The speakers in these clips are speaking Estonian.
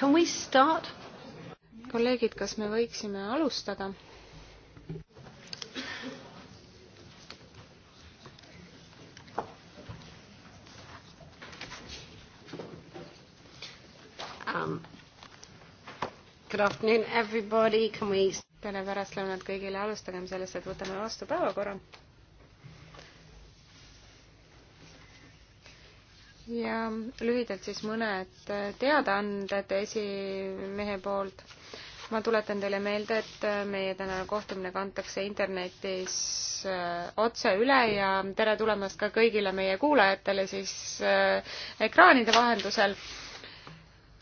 Can we start? kolleegid, kas me võiksime alustada? Um, good afternoon everybody, can we tere pärastlõunat kõigile, alustagem sellest, et võtame vastu päevakorra ja lühidalt siis mõned teadaanded esimehe poolt. ma tuletan teile meelde, et meie tänane kohtumine kantakse internetis äh, otse üle ja tere tulemast ka kõigile meie kuulajatele siis äh, ekraanide vahendusel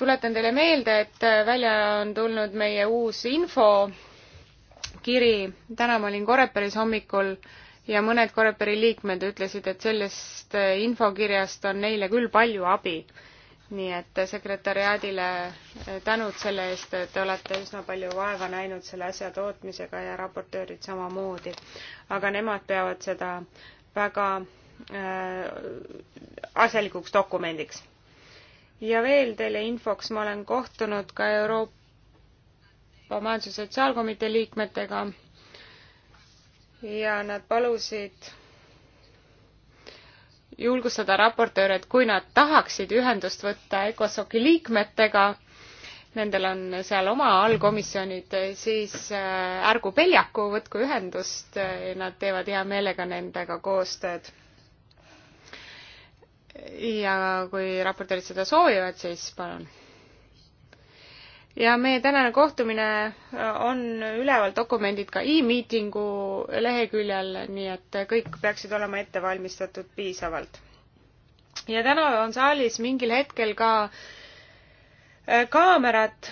tuletan teile meelde, et äh, välja on tulnud meie uus infokiri. täna ma olin Koreperis hommikul äh, ja mõned Coreperi liikmed ütlesid, et sellest äh, infokirjast on neile küll palju abi. nii et äh, sekretäriaadile äh, tänud selle eest, et te olete üsna palju vaeva näinud selle asja tootmisega ja raportöörid samamoodi. aga nemad peavad seda väga äh, asjalikuks dokumendiks. ja veel teile infoks, ma olen kohtunud ka Euroopa Majandus- ja Sotsiaalkomitee liikmetega ja nad palusid julgustada raportööre, et kui nad tahaksid ühendust võtta ECOSOC-i liikmetega, nendel on seal oma allkomisjonid, siis äh, ärgu peljaku, võtku ühendust, nad teevad hea meelega nendega koostööd. ja kui raportöörid seda soovivad, siis palun ja meie tänane kohtumine äh, on üleval dokumendid ka e-miitingu leheküljel, nii et kõik peaksid olema ette valmistatud piisavalt. ja täna on saalis mingil hetkel ka äh, kaamerat,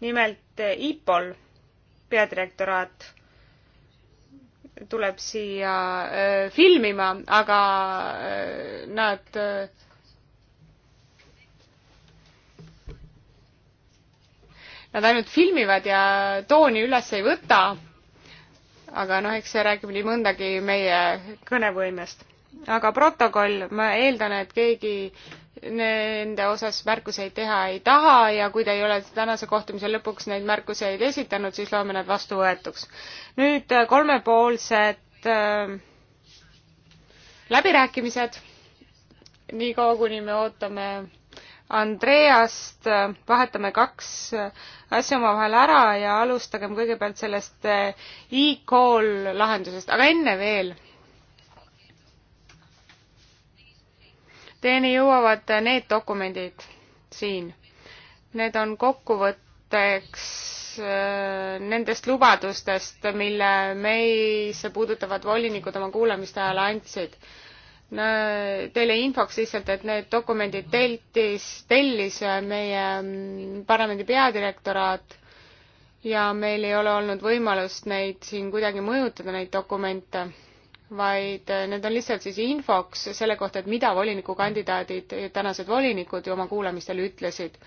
nimelt äh, IPOL peadirektoraat tuleb siia filmima, aga nad nad ainult filmivad ja tooni üles ei võta. aga noh, eks see räägib nii mõndagi meie kõnevõimest. aga protokoll, ma eeldan, et keegi nende osas märkuseid teha ei taha ja kui te ei ole tänase kohtumise lõpuks neid märkuseid esitanud, siis loeme nad vastuvõetuks. nüüd äh, kolmepoolsed äh, läbirääkimised. niikaua, kuni me ootame Andreast, vahetame kaks asja omavahel ära ja alustagem kõigepealt sellest eh, e-call lahendusest, aga enne veel. Teieni jõuavad need dokumendid siin. Need on kokkuvõtteks eh, nendest lubadustest, mille meisse puudutavad volinikud oma kuulamiste ajal andsid Teile infoks lihtsalt, et need dokumendid tellis, tellis meie mm, parlamendi peadirektoraat ja meil ei ole olnud võimalust neid siin kuidagi mõjutada, neid dokumente, vaid äh, need on lihtsalt siis infoks selle kohta, et mida volinikukandidaadid, tänased volinikud ju oma kuulamistel ütlesid.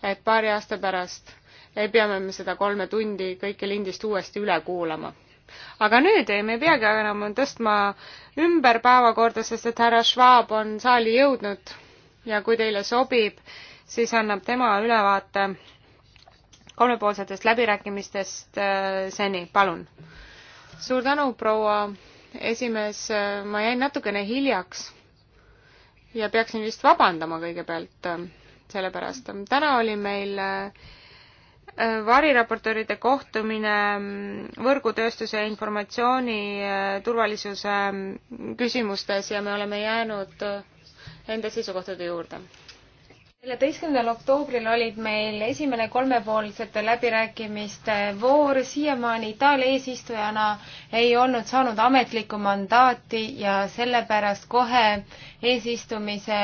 et paari aasta pärast ei pea me seda kolme tundi kõike lindist uuesti üle kuulama aga nüüd ei, me ei peagi enam tõstma ümber päevakorda, sest et härra Schwab on saali jõudnud ja kui teile sobib, siis annab tema ülevaate kolmepoolsetest läbirääkimistest äh, seni, palun. suur tänu, proua esimees, äh, ma jäin natukene hiljaks ja peaksin vist vabandama kõigepealt äh, selle pärast. täna oli meil äh, variraportööride kohtumine mm, võrgutööstuse informatsiooni äh, turvalisuse mm, küsimustes ja me oleme jäänud äh, enda seisukohtade juurde. neljateistkümnendal oktoobril olid meil esimene kolmepoolsete läbirääkimiste voor, siiamaani Itaalia eesistujana ei olnud saanud ametlikku mandaati ja sellepärast kohe eesistumise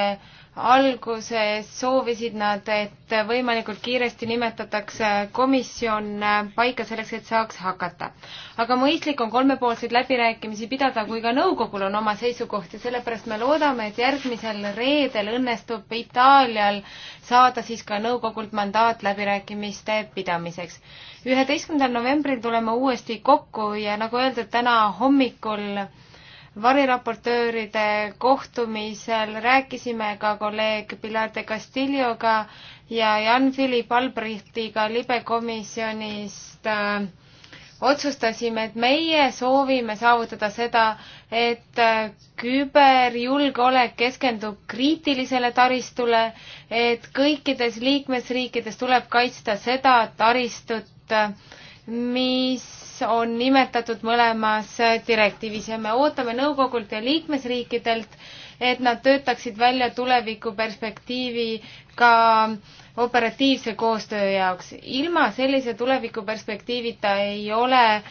alguses soovisid nad, et võimalikult kiiresti nimetatakse komisjon paika selleks, et saaks hakata. aga mõistlik on kolmepoolseid läbirääkimisi pidada, kui ka nõukogul on oma seisukoht ja sellepärast me loodame, et järgmisel reedel õnnestub Itaalial saada siis ka nõukogult mandaat läbirääkimiste pidamiseks. üheteistkümnendal novembril tuleme uuesti kokku ja nagu öeldud, täna hommikul variraportööride kohtumisel rääkisime ka kolleeg Pilar de Castilloga ja Jan-Philipp Albrechtiga libekomisjonist äh, otsustasime, et meie soovime saavutada seda, et äh, küberjulgeolek keskendub kriitilisele taristule, et kõikides liikmesriikides tuleb kaitsta seda taristut äh, mis on nimetatud mõlemas direktiivis ja me ootame nõukogult ja liikmesriikidelt, et nad töötaksid välja tulevikuperspektiivi ka operatiivse koostöö jaoks. ilma sellise tulevikuperspektiivita ei ole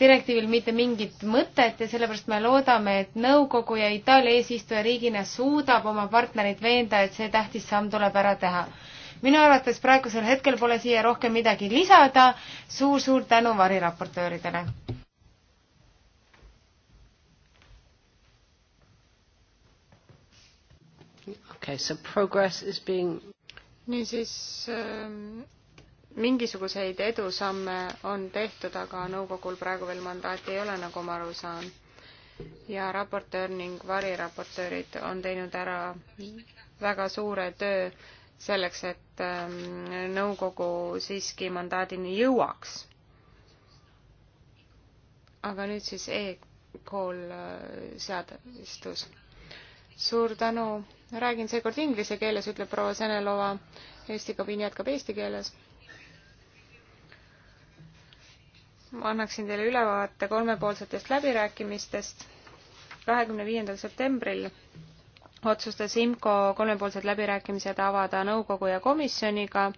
direktiivil mitte mingit mõtet ja sellepärast me loodame, et nõukogu ja Itaalia eesistujariigina suudab oma partnereid veenda, et see tähtis samm tuleb ära teha minu arvates praegusel hetkel pole siia rohkem midagi lisada suur,. suur-suur tänu variraportööridele. Okay, so progress is being niisiis ähm, mingisuguseid edusamme on tehtud, aga nõukogul praegu veel mandaati ei ole, nagu ma aru saan. ja raportöör ning variraportöörid on teinud ära väga suure töö selleks, et ähm, nõukogu siiski mandaadini jõuaks. aga nüüd siis e-kool äh, seadustus. suur tänu, räägin seekord inglise keeles, ütleb proua Senelova. Eesti kabiin jätkab eesti keeles. ma annaksin teile ülevaate kolmepoolsetest läbirääkimistest kahekümne viiendal septembril otsustas IMCO kolmepoolsed läbirääkimised avada nõukogu ja komisjoniga,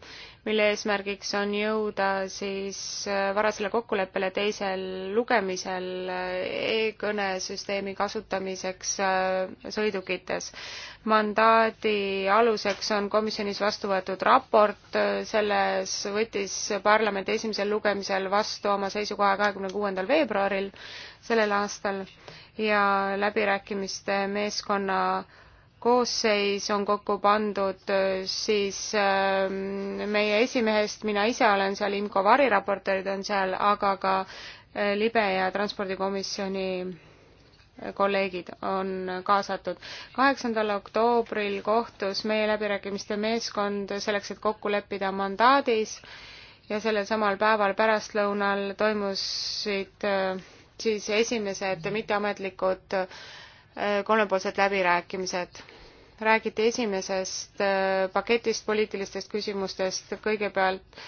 mille eesmärgiks on jõuda siis äh, varasele kokkuleppele teisel lugemisel äh, e-kõnesüsteemi kasutamiseks äh, sõidukites. mandaadi aluseks on komisjonis vastu võetud raport, selles võttis parlament esimesel lugemisel vastu oma seisukoha kahekümne kuuendal veebruaril sellel aastal ja läbirääkimiste meeskonna koosseis on kokku pandud, äh, siis ähm, meie esimehest, mina ise olen seal, IMCO variraportöörid on seal, aga ka äh, libe ja transpordikomisjoni äh, kolleegid on kaasatud. kaheksandal oktoobril kohtus meie läbirääkimiste meeskond selleks, et kokku leppida mandaadis ja sellel samal päeval pärastlõunal toimusid siis esimesed mitteametlikud kolmepoolsed läbirääkimised räägiti esimesest äh, paketist poliitilistest küsimustest kõigepealt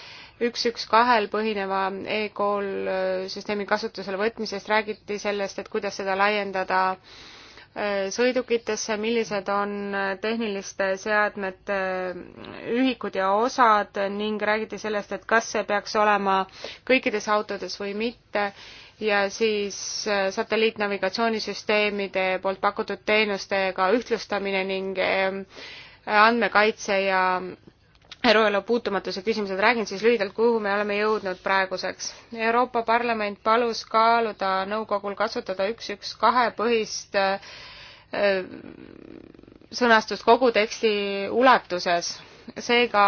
üks üks kahel põhineva e-kool äh, süsteemi kasutusele võtmisest, räägiti sellest, et kuidas seda laiendada äh, sõidukitesse, millised on tehniliste seadmete ühikud ja osad ning räägiti sellest, et kas see peaks olema kõikides autodes või mitte ja siis äh, satelliitnavigatsioonisüsteemide poolt pakutud teenustega ühtlustamine ning ähm, andmekaitse ja äh, eraelu puutumatuse küsimused, räägin siis lühidalt, kuhu me oleme jõudnud praeguseks. Euroopa Parlament palus kaaluda nõukogul kasutada üks, üks, kahe põhist äh, sõnastust kogu teksti ulatuses. seega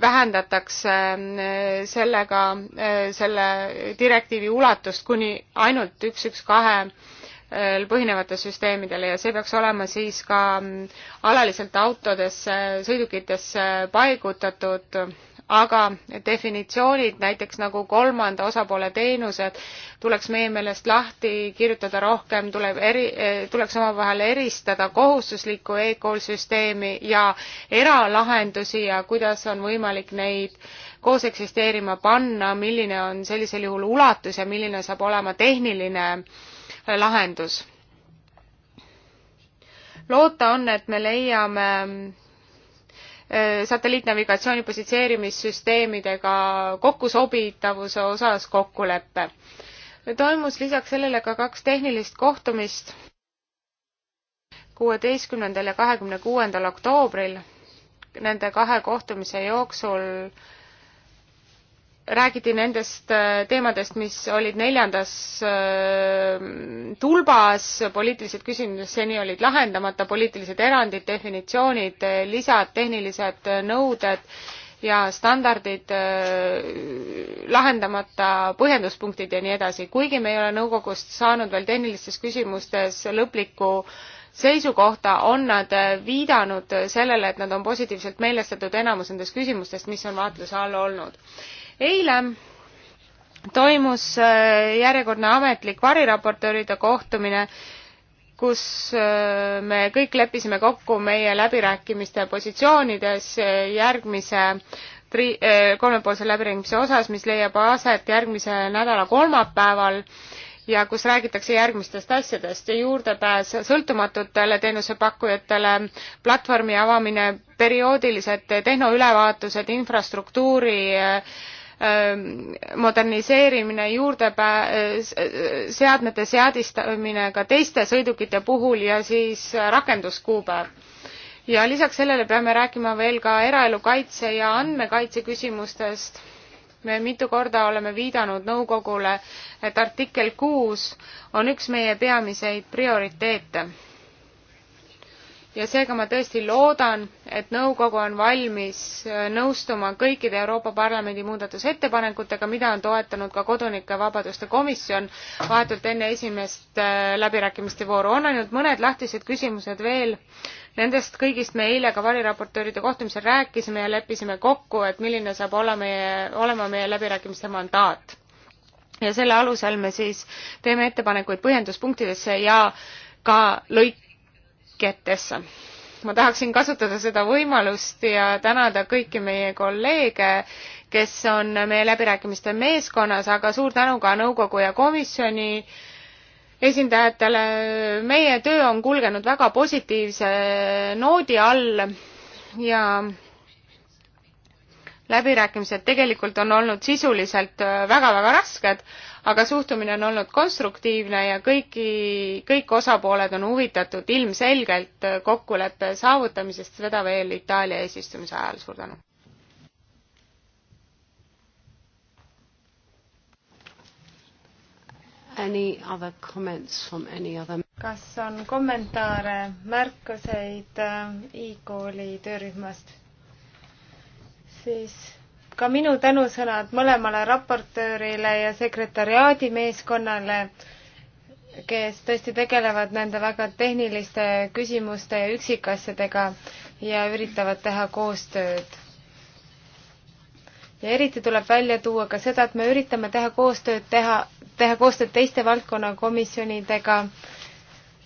vähendatakse äh, sellega äh, selle direktiivi ulatust kuni ainult üks, üks, kahe äh, põhinevate süsteemidele ja see peaks olema siis ka mm, alaliselt autodesse, sõidukitesse paigutatud aga definitsioonid, näiteks nagu kolmanda osapoole teenused, tuleks meie meelest lahti kirjutada rohkem, tuleb eri, eh, tuleks omavahel eristada kohustuslikku e-kool süsteemi ja eralahendusi ja kuidas on võimalik neid koos eksisteerima panna, milline on sellisel juhul ulatus ja milline saab olema tehniline lahendus. loota on, et me leiame Äh, satelliitnavigatsiooni positseerimissüsteemidega kokkusobitavuse osas kokkulepe. toimus lisaks sellele ka kaks tehnilist kohtumist kuueteistkümnendal ja kahekümne kuuendal oktoobril. Nende kahe kohtumise jooksul räägiti nendest äh, teemadest, mis olid neljandas äh, tulbas, poliitilised küsimused seni olid lahendamata, poliitilised erandid, definitsioonid, lisad, tehnilised nõuded ja standardid, äh, lahendamata põhjenduspunktid ja nii edasi. kuigi me ei ole nõukogust saanud veel tehnilistes küsimustes lõplikku seisukohta, on nad viidanud sellele, et nad on positiivselt meelestatud enamus nendest küsimustest, mis on vaatluse all olnud eile toimus äh, järjekordne ametlik variraportööride kohtumine, kus äh, me kõik leppisime kokku meie läbirääkimiste positsioonides äh, järgmise tri-, kolmepoolse läbirääkimise osas, mis leiab aset järgmise nädala kolmapäeval ja kus räägitakse järgmistest asjadest ja juurdepääs sõltumatutele teenusepakkujatele, platvormi avamine, perioodilised tehnoülevaatused, infrastruktuuri äh, Ähm, moderniseerimine, juurdepääs, äh, äh, seadmete seadistamine ka teiste sõidukite puhul ja siis äh, rakenduskuupäev. ja lisaks sellele peame rääkima veel ka eraelu kaitse ja andmekaitse küsimustest. me mitu korda oleme viidanud nõukogule, et artikkel kuus on üks meie peamiseid prioriteete ja seega ma tõesti loodan, et nõukogu on valmis äh, nõustuma kõikide Euroopa Parlamendi muudatusettepanekutega, mida on toetanud ka Kodanike Vabaduste Komisjon vahetult enne esimest äh, läbirääkimiste vooru. on ainult mõned lahtised küsimused veel. Nendest kõigist me eile ka variraportööride kohtumisel rääkisime ja leppisime kokku, et milline saab olla meie, olema meie läbirääkimiste mandaat. ja selle alusel me siis teeme ettepanekuid põhjenduspunktidesse ja ka lõik ketesse. ma tahaksin kasutada seda võimalust ja tänada kõiki meie kolleege, kes on meie läbirääkimiste meeskonnas, aga suur tänu ka nõukogu ja komisjoni esindajatele. meie töö on kulgenud väga positiivse noodi all ja läbirääkimised tegelikult on olnud sisuliselt väga-väga äh, rasked, aga suhtumine on olnud konstruktiivne ja kõiki, kõik osapooled on huvitatud ilmselgelt äh, kokkuleppe saavutamisest, seda veel Itaalia eesistumise ajal. suur tänu! Any other comments from any other? kas on kommentaare, märkuseid e-kooli äh, töörühmast? siis ka minu tänusõnad mõlemale raportöörile ja sekretäriaadi meeskonnale, kes tõesti tegelevad nende väga tehniliste küsimuste ja üksikasjadega ja üritavad teha koostööd. ja eriti tuleb välja tuua ka seda, et me üritame teha koostööd, teha, teha koostööd teiste valdkonnakomisjonidega.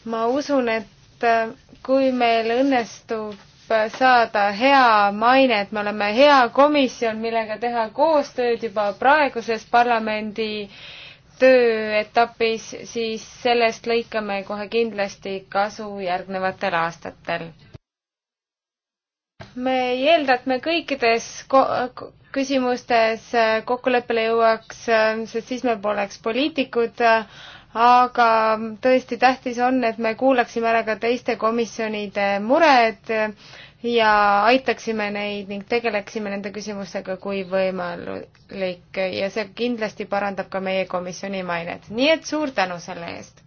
ma usun, et kui meil õnnestub saada hea maine, et me oleme hea komisjon, millega teha koostööd juba praeguses parlamendi tööetapis, siis sellest lõikame kohe kindlasti kasu järgnevatel aastatel. me ei eelda, et me kõikides ko-, küsimustes kokkuleppele jõuaks, sest siis me poleks poliitikud, aga tõesti tähtis on, et me kuulaksime ära ka teiste komisjonide mured ja aitaksime neid ning tegeleksime nende küsimustega, kui võimalik ja see kindlasti parandab ka meie komisjoni mainet. nii et suur tänu selle eest.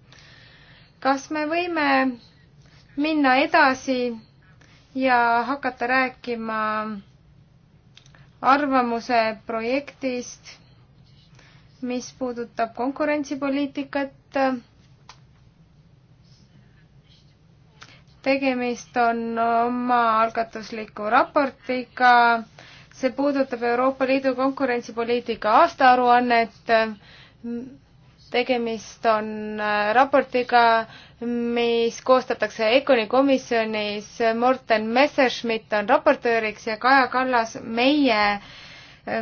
kas me võime minna edasi ja hakata rääkima arvamuse projektist mis puudutab konkurentsipoliitikat. tegemist on omaalgatusliku raportiga, see puudutab Euroopa Liidu konkurentsipoliitika aastaaruannet. tegemist on äh, raportiga, mis koostatakse Econi komisjonis. Morten Messerschmidt on raportööriks ja Kaja Kallas meie äh,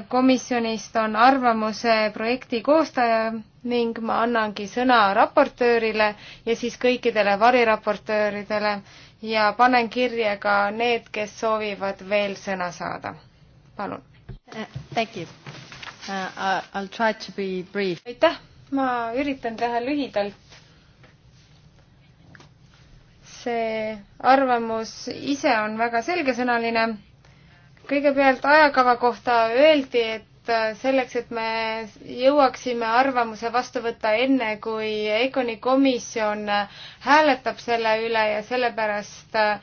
komisjonist on arvamuse projekti koostaja ning ma annangi sõna raportöörile ja siis kõikidele variraportööridele ja panen kirja ka need, kes soovivad veel sõna saada. palun. Uh, uh, aitäh, ma üritan teha lühidalt see arvamus ise on väga selgesõnaline kõigepealt ajakava kohta öeldi, et äh, selleks, et me jõuaksime arvamuse vastu võtta enne, kui EKONi komisjon äh, hääletab selle üle ja sellepärast äh,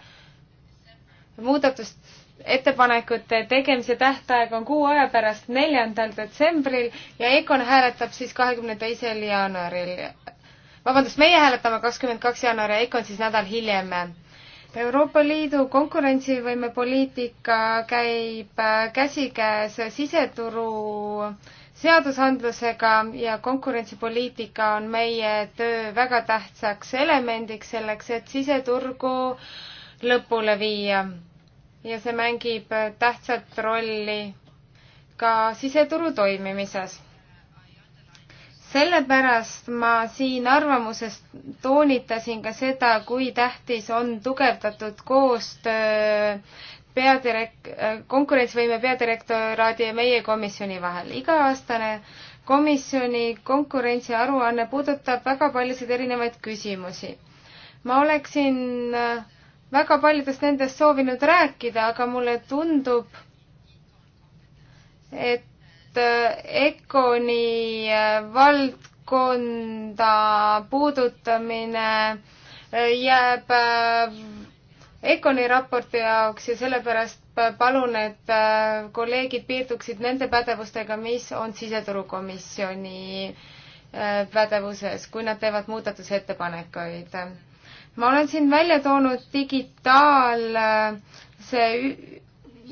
muudatust ettepanekute tegemise tähtaeg on kuu aja pärast, neljandal detsembril ja EKOn hääletab siis kahekümne teisel jaanuaril. vabandust, meie hääletame kakskümmend kaks jaanuari ja EKOn siis nädal hiljem Euroopa Liidu konkurentsivõime poliitika käib äh, käsikäes siseturu seadusandlusega ja konkurentsipoliitika on meie töö väga tähtsaks elemendiks selleks, et siseturgu lõpule viia. ja see mängib tähtsat rolli ka siseturu toimimises sellepärast ma siin arvamuses toonitasin ka seda, kui tähtis on tugevdatud koostöö peadirek-, konkurentsivõime peadirektoraadi ja meie komisjoni vahel. iga-aastane komisjoni konkurentsiaruanne puudutab väga paljusid erinevaid küsimusi. ma oleksin äh, väga paljudest nendest soovinud rääkida, aga mulle tundub, et et äh, ECONi äh, valdkonda puudutamine äh, jääb ECONi raporti jaoks ja sellepärast palun, et kolleegid piirduksid nende pädevustega, mis on siseturukomisjoni pädevuses, kui nad teevad muudatusettepanekuid. ma olen siin välja toonud digitaalse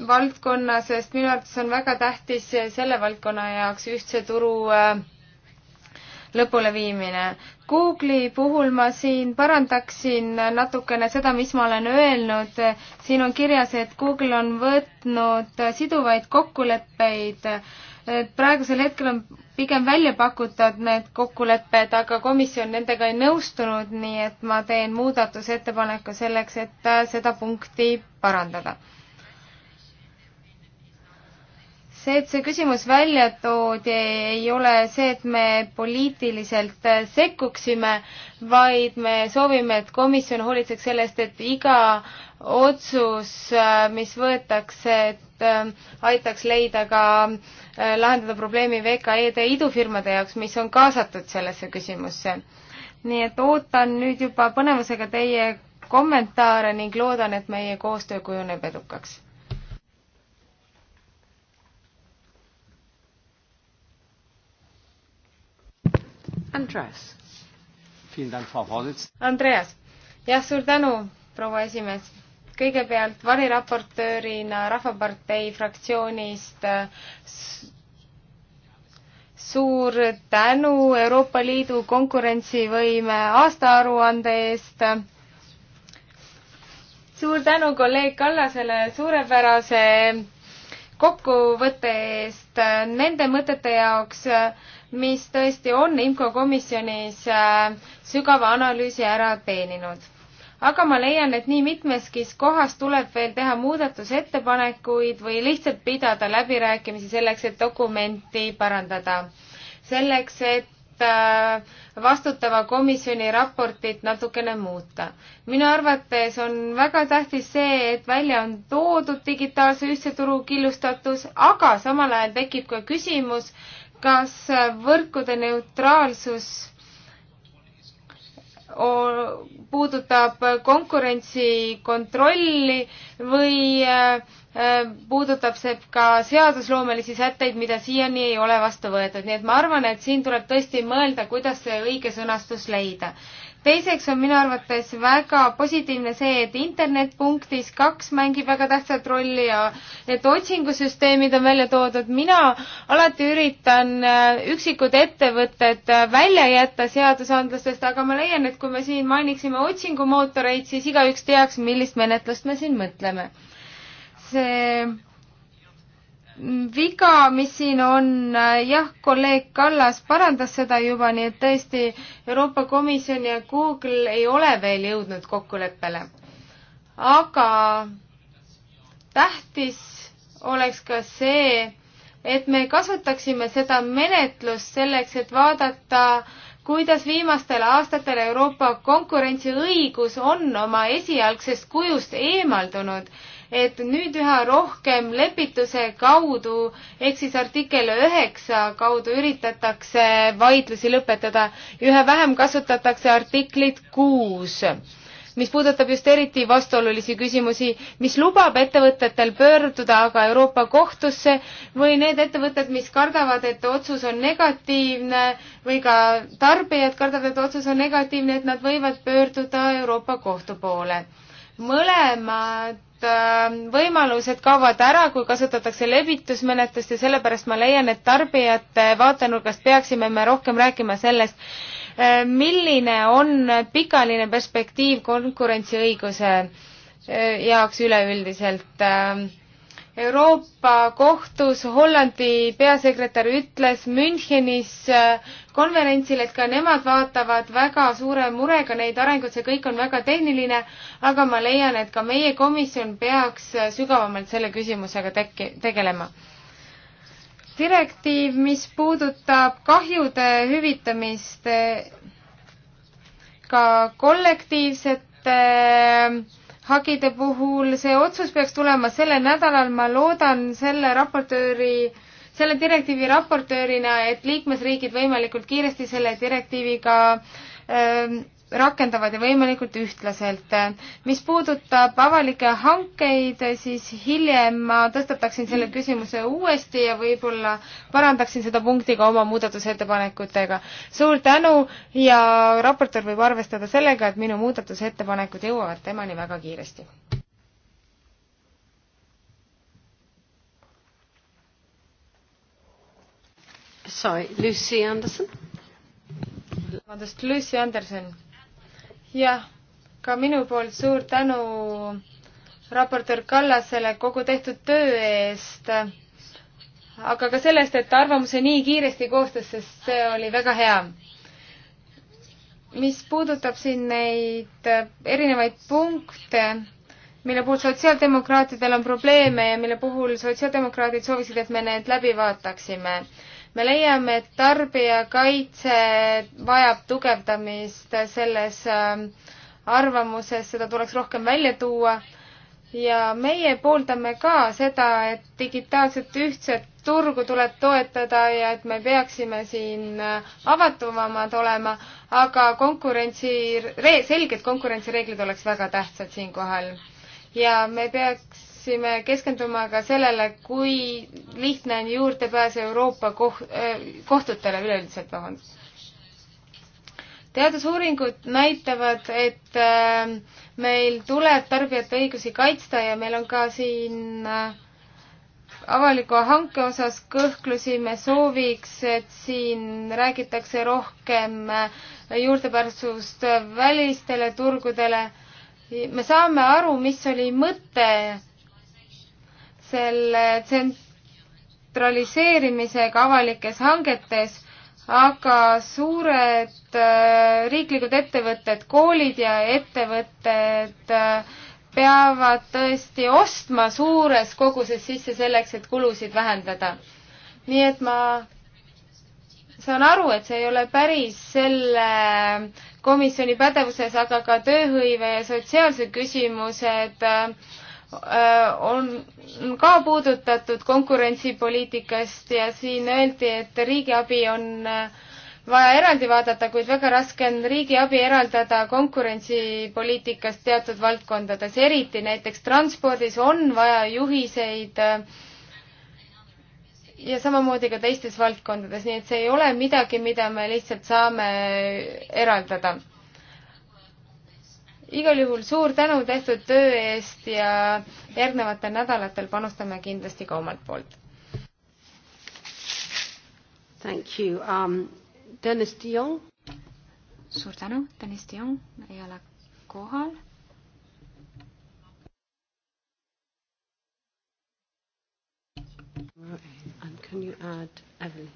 valdkonna, sest minu arvates on väga tähtis selle valdkonna jaoks ühtse turu äh, lõpuleviimine. Google'i puhul ma siin parandaksin natukene seda, mis ma olen öelnud. siin on kirjas, et Google on võtnud siduvaid kokkuleppeid. praegusel hetkel on pigem välja pakutud need kokkulepped, aga komisjon nendega ei nõustunud, nii et ma teen muudatusettepaneku selleks, et seda punkti parandada see, et see küsimus välja toodi, ei ole see, et me poliitiliselt äh, sekkuksime, vaid me soovime, et komisjon hoolitseks sellest, et iga otsus, äh, mis võetakse, et äh, aitaks leida ka, lahendada probleemi VKE-de idufirmade jaoks, mis on kaasatud sellesse küsimusse. nii et ootan nüüd juba põnevusega teie kommentaare ning loodan, et meie koostöö kujuneb edukaks Andreas. Andreas, jah, suur tänu, proua esimees. kõigepealt variraportöörina Rahvapartei fraktsioonist äh, suur tänu Euroopa Liidu konkurentsivõime aastaaruande eest. suur tänu kolleeg Kallasele suurepärase kokkuvõtte eest nende mõtete jaoks, mis tõesti on IMCO komisjonis äh, sügava analüüsi ära teeninud. aga ma leian, et nii mitmeski kohas tuleb veel teha muudatusettepanekuid või lihtsalt pidada läbirääkimisi selleks, et dokumenti parandada. selleks, et äh, vastutava komisjoni raportit natukene muuta. minu arvates on väga tähtis see, et välja on toodud digitaalse ühtse turu killustatus, aga samal ajal tekib ka küsimus, kas võrkude neutraalsus puudutab konkurentsikontrolli või äh, äh, puudutab see ka seadusloomelisi sätteid, mida siiani ei ole vastu võetud, nii et ma arvan, et siin tuleb tõesti mõelda, kuidas see õige sõnastus leida teiseks on minu arvates väga positiivne see, et internetpunktis kaks mängib väga tähtsat rolli ja et otsingusüsteemid on välja toodud. mina alati üritan äh, üksikud ettevõtted äh, välja jätta seadusandlustest, aga ma leian, et kui me siin mainiksime otsingumootoreid, siis igaüks teaks, millist menetlust me siin mõtleme. see viga, mis siin on, äh, jah, kolleeg Kallas parandas seda juba, nii et tõesti Euroopa Komisjon ja Google ei ole veel jõudnud kokkuleppele. aga tähtis oleks ka see, et me kasutaksime seda menetlust selleks, et vaadata, kuidas viimastel aastatel Euroopa konkurentsiõigus on oma esialgsest kujust eemaldunud et nüüd üha rohkem lepituse kaudu ehk siis artikkel üheksa kaudu üritatakse vaidlusi lõpetada ja üha vähem kasutatakse artiklit kuus mis puudutab just eriti vastuolulisi küsimusi, mis lubab ettevõtetel pöörduda aga Euroopa kohtusse või need ettevõtted, mis kardavad, et otsus on negatiivne või ka tarbijad kardavad, et otsus on negatiivne, et nad võivad pöörduda Euroopa kohtu poole. mõlemad Äh, võimalused kaovad ära, kui kasutatakse levitusmenetlust ja sellepärast ma leian, et tarbijate vaatenurgast peaksime me rohkem rääkima sellest, äh, milline on pikaline perspektiiv konkurentsiõiguse äh, jaoks üleüldiselt Euroopa kohtus Hollandi peasekretär ütles Münchenis äh, konverentsil, et ka nemad vaatavad väga suure murega neid arenguid, see kõik on väga tehniline, aga ma leian, et ka meie komisjon peaks äh, sügavamalt selle küsimusega teki-, tegelema. direktiiv, mis puudutab kahjude hüvitamist äh, ka kollektiivsete äh, hagide puhul, see otsus peaks tulema sellel nädalal, ma loodan selle raportööri, selle direktiivi raportöörina, et liikmesriigid võimalikult kiiresti selle direktiiviga ähm, rakendavad ja võimalikult ühtlaselt. mis puudutab avalikke hankeid, siis hiljem ma tõstataksin selle küsimuse uuesti ja võib-olla parandaksin seda punkti ka oma muudatusettepanekutega. suur tänu ja raportöör võib arvestada sellega, et minu muudatusettepanekud jõuavad temani väga kiiresti. Sorry, Lucy Anderson. vabandust, Lucy Anderson jah, ka minu poolt suur tänu raportöör Kallasele kogu tehtud töö eest, aga ka selle eest, et ta arvamuse nii kiiresti koostas, sest see oli väga hea. mis puudutab siin neid erinevaid punkte, mille puhul sotsiaaldemokraatidel on probleeme ja mille puhul sotsiaaldemokraadid soovisid, et me need läbi vaataksime me leiame, et tarbijakaitse vajab tugevdamist selles ähm, arvamuses, seda tuleks rohkem välja tuua ja meie pooldame ka seda, et digitaalset ühtset turgu tuleb toetada ja et me peaksime siin äh, avatumad olema, aga konkurentsi, selged konkurentsireeglid oleks väga tähtsad siinkohal. ja me peaks peaksime keskenduma ka sellele, kui lihtne on juurdepääs Euroopa koht-, äh, kohtutele üleüldiselt, vabandust. teadusuuringud näitavad, et äh, meil tuleb tarbijate õigusi kaitsta ja meil on ka siin äh, avaliku hanke osas kõhklusi, me sooviks, et siin räägitakse rohkem juurdepääsust välistele turgudele me saame aru, mis oli mõte selle tsentraliseerimisega avalikes hangetes, aga suured äh, riiklikud ettevõtted, koolid ja ettevõtted äh, peavad tõesti ostma suures koguses sisse selleks, et kulusid vähendada. nii et ma saan aru, et see ei ole päris selle komisjoni pädevuses, aga ka tööhõive ja sotsiaalsed küsimused äh, Äh, on ka puudutatud konkurentsipoliitikast ja siin öeldi, et riigiabi on äh, vaja eraldi vaadata, kuid väga raske on riigiabi eraldada konkurentsipoliitikast teatud valdkondades, eriti näiteks transpordis on vaja juhiseid äh, ja samamoodi ka teistes valdkondades, nii et see ei ole midagi, mida me lihtsalt saame eraldada igal juhul suur tänu tehtud töö eest ja järgnevatel nädalatel panustame kindlasti ka omalt poolt. Thank you um,. Dennis de Jong. suur tänu, Dennis de Jong ei ole kohal And can you add Evelyn?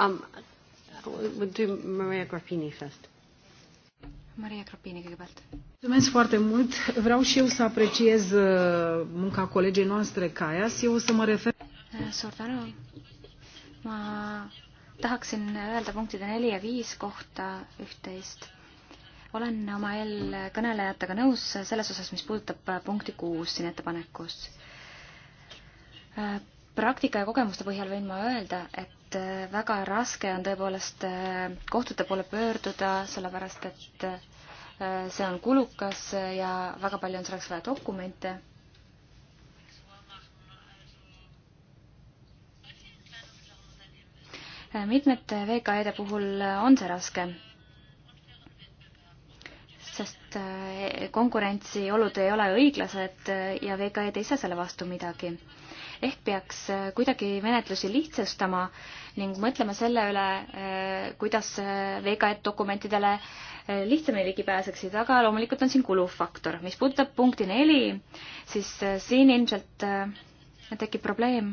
Um, we'll do Maria Grappini first. Maria Grappini kõigepealt Mulțumesc foarte mult. Vreau și eu să apreciez uh, munca colegei noastre, Caias. Eu o să mă refer... Suur tänu. Ma tahaksin öelda punktide neli ja viis kohta üht-teist. olen oma eelkõnelejatega nõus selles osas, mis puudutab punkti kuus siin ettepanekus. Uh, praktika ja e kogemuste põhjal võin ma öelda, et uh, väga raske on tõepoolest kohtute poole pöörduda, sellepärast et see on kulukas ja väga palju on selleks vaja dokumente. mitmete VKE-de puhul on see raske sest eh, konkurentsiolud ei ole õiglased ja VKE-d ei saa selle vastu midagi ehk peaks äh, kuidagi menetlusi lihtsustama ning mõtlema selle üle, äh, kuidas äh, VKE-d dokumentidele lihtsamini ligi pääseksid, aga loomulikult on siin kulufaktor. mis puudutab punkti neli, siis siin ilmselt tekib probleem,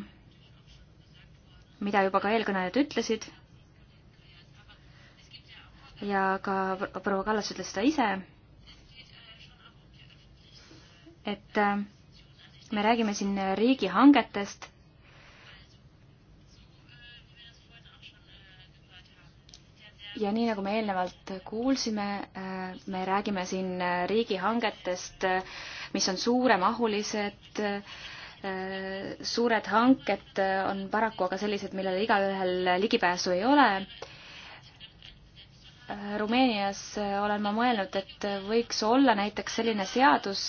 mida juba ka eelkõnelejad ütlesid ja ka proua Kallas ütles seda ise, et me räägime siin riigihangetest. ja nii nagu me eelnevalt kuulsime, äh, me räägime siin riigihangetest, mis on suuremahulised äh, suured hanked on paraku aga sellised, millele igaühel ligipääsu ei ole Rumeenias olen ma mõelnud, et võiks olla näiteks selline seadus,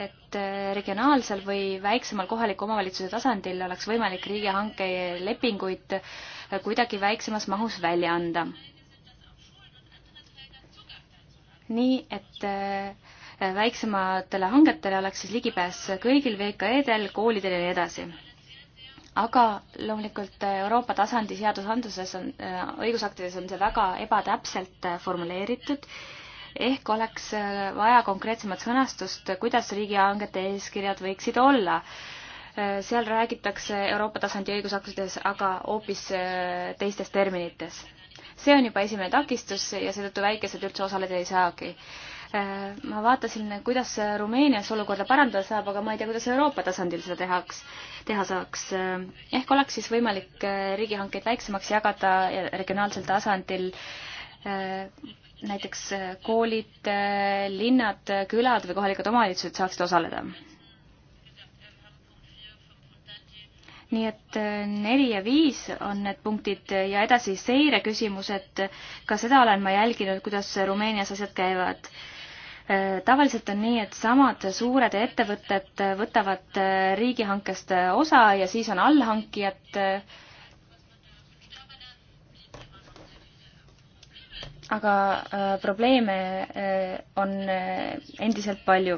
et regionaalsel või väiksemal kohaliku omavalitsuse tasandil oleks võimalik riigihanke lepinguid kuidagi väiksemas mahus välja anda. nii, et äh, väiksematele hangetele oleks siis ligipääs kõigil VKE-del, koolidel ja nii edasi aga loomulikult äh, Euroopa tasandi seadusandluses on, äh, õigusaktides on see väga ebatäpselt äh, formuleeritud, ehk oleks vaja konkreetsemat sõnastust, kuidas riigihangete eeskirjad võiksid olla. seal räägitakse Euroopa tasandi õigusaktides aga hoopis teistes terminites. see on juba esimene takistus ja seetõttu väikesed üldse osaleda ei saagi Äh, ma vaatasin, kuidas Rumeenias olukorda parandada saab, aga ma ei tea, kuidas Euroopa tasandil seda tehaks, teha saaks. Äh, ehk oleks siis võimalik äh, riigihankeid väiksemaks jagada ja regionaalsel tasandil näiteks koolid, linnad, külad või kohalikud omavalitsused saaksid osaleda. nii et neli ja viis on need punktid ja edasi seire küsimused, ka seda olen ma jälginud, kuidas Rumeenias asjad käivad tavaliselt on nii, et samad suured ettevõtted võtavad äh, riigihankest äh, osa ja siis on allhankijad. Äh, aga probleeme on endiselt palju.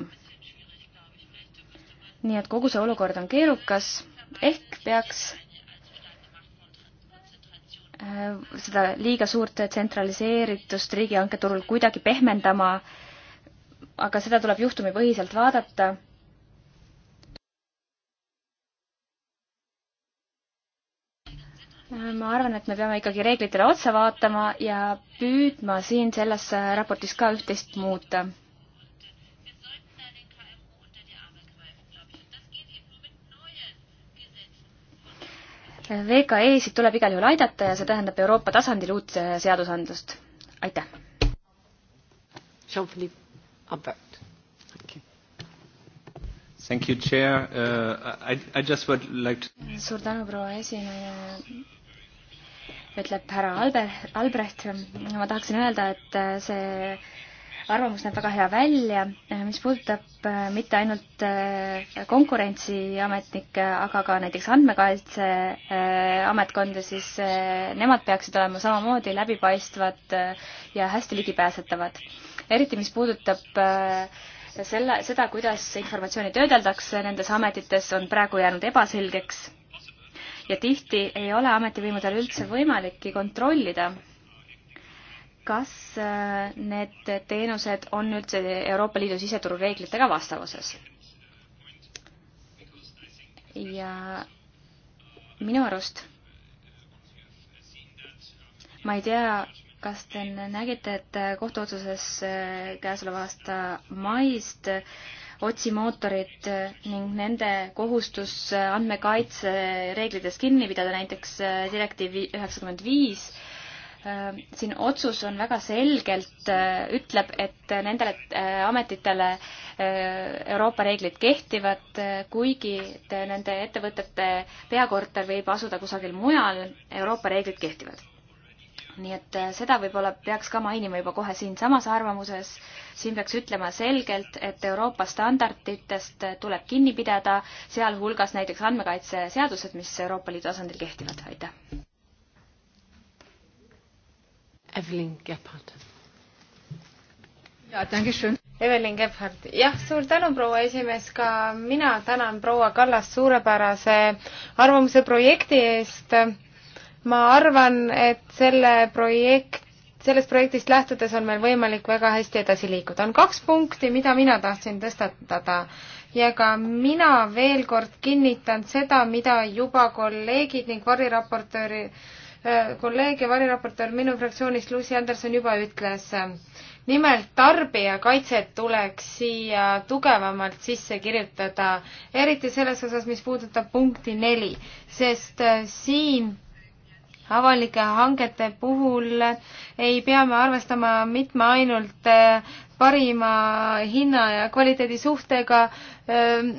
nii et kogu see olukord on keerukas, ehk peaks seda liiga suurt tsentraliseeritust riigihanketurul kuidagi pehmendama äh, aga seda tuleb juhtumipõhiselt vaadata. ma arvan, et me peame ikkagi reeglitele otsa vaatama ja püüdma siin selles raportis ka üht-teist muuta. VKE-sid tuleb igal juhul aidata ja see tähendab Euroopa tasandil uut seadusandlust. aitäh! Jean-Philippe Abbott. Thank you. Thank you, Chair. Uh, I, I just would like to... Suur tänu, proua esinaine ütleb härra Albert, Albrecht. ma tahaksin öelda, et äh, see arvamus näeb väga hea välja, äh, mis puudutab äh, mitte ainult konkurentsiametnikke, aga ka näiteks andmekaitseametkonda, siis nemad peaksid olema samamoodi läbipaistvad ja hästi ligipääsetavad eriti mis puudutab äh, selle, seda, kuidas informatsiooni töödeldakse nendes ametites, on praegu jäänud ebaselgeks. ja tihti ei ole ametivõimudel üldse võimalikki kontrollida, kas äh, need teenused on üldse Euroopa Liidu siseturu reeglitega vastavuses. ja minu arust ma ei tea, kas te nägite, et kohtuotsuses äh, käesoleva aasta maist otsimootorid ning nende kohustus äh, andmekaitse reeglitest kinni pidada, näiteks äh, direktiiv üheksakümmend viis, siin otsus on väga selgelt, ütleb, et nendele ametitele Euroopa reeglid kehtivad, kuigi nende ettevõtete peakorter võib asuda kusagil mujal, Euroopa reeglid kehtivad nii et äh, seda võib-olla peaks ka mainima juba kohe siinsamas arvamuses. siin peaks ütlema selgelt, et Euroopa standarditest äh, tuleb kinni pidada, sealhulgas näiteks andmekaitseseadused, mis Euroopa Liidu tasandil kehtivad, aitäh. Evelyn Gebhardt. jaa, tänan küsimuse Evelyn Gebhardt. jah, suur tänu, proua esimees, ka mina tänan proua Kallast suurepärase arvamuse projekti eest ma arvan, et selle projekt, sellest projektist lähtudes on meil võimalik väga hästi edasi liikuda. on kaks punkti, mida mina tahtsin tõstatada ja ka mina veel kord kinnitan seda, mida juba kolleegid ning variraportööri, äh, kolleeg ja variraportöör minu fraktsioonist Lucy Anderson juba ütles. nimelt tarbijakaitset tuleks siia tugevamalt sisse kirjutada, eriti selles osas, mis puudutab punkti neli, sest äh, siin avalike hangete puhul ei pea me arvestama mitme ainult äh, parima hinna ja kvaliteedi suhtega ähm,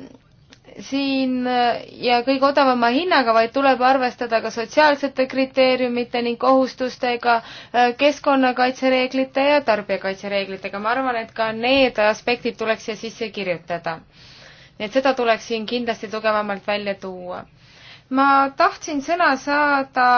siin äh, ja kõige odavama hinnaga, vaid tuleb arvestada ka sotsiaalsete kriteeriumite ning kohustustega, äh, keskkonnakaitsereeglite ja tarbijakaitsereeglitega. ma arvan, et ka need aspektid tuleks siia sisse kirjutada. nii et seda tuleks siin kindlasti tugevamalt välja tuua. ma tahtsin sõna saada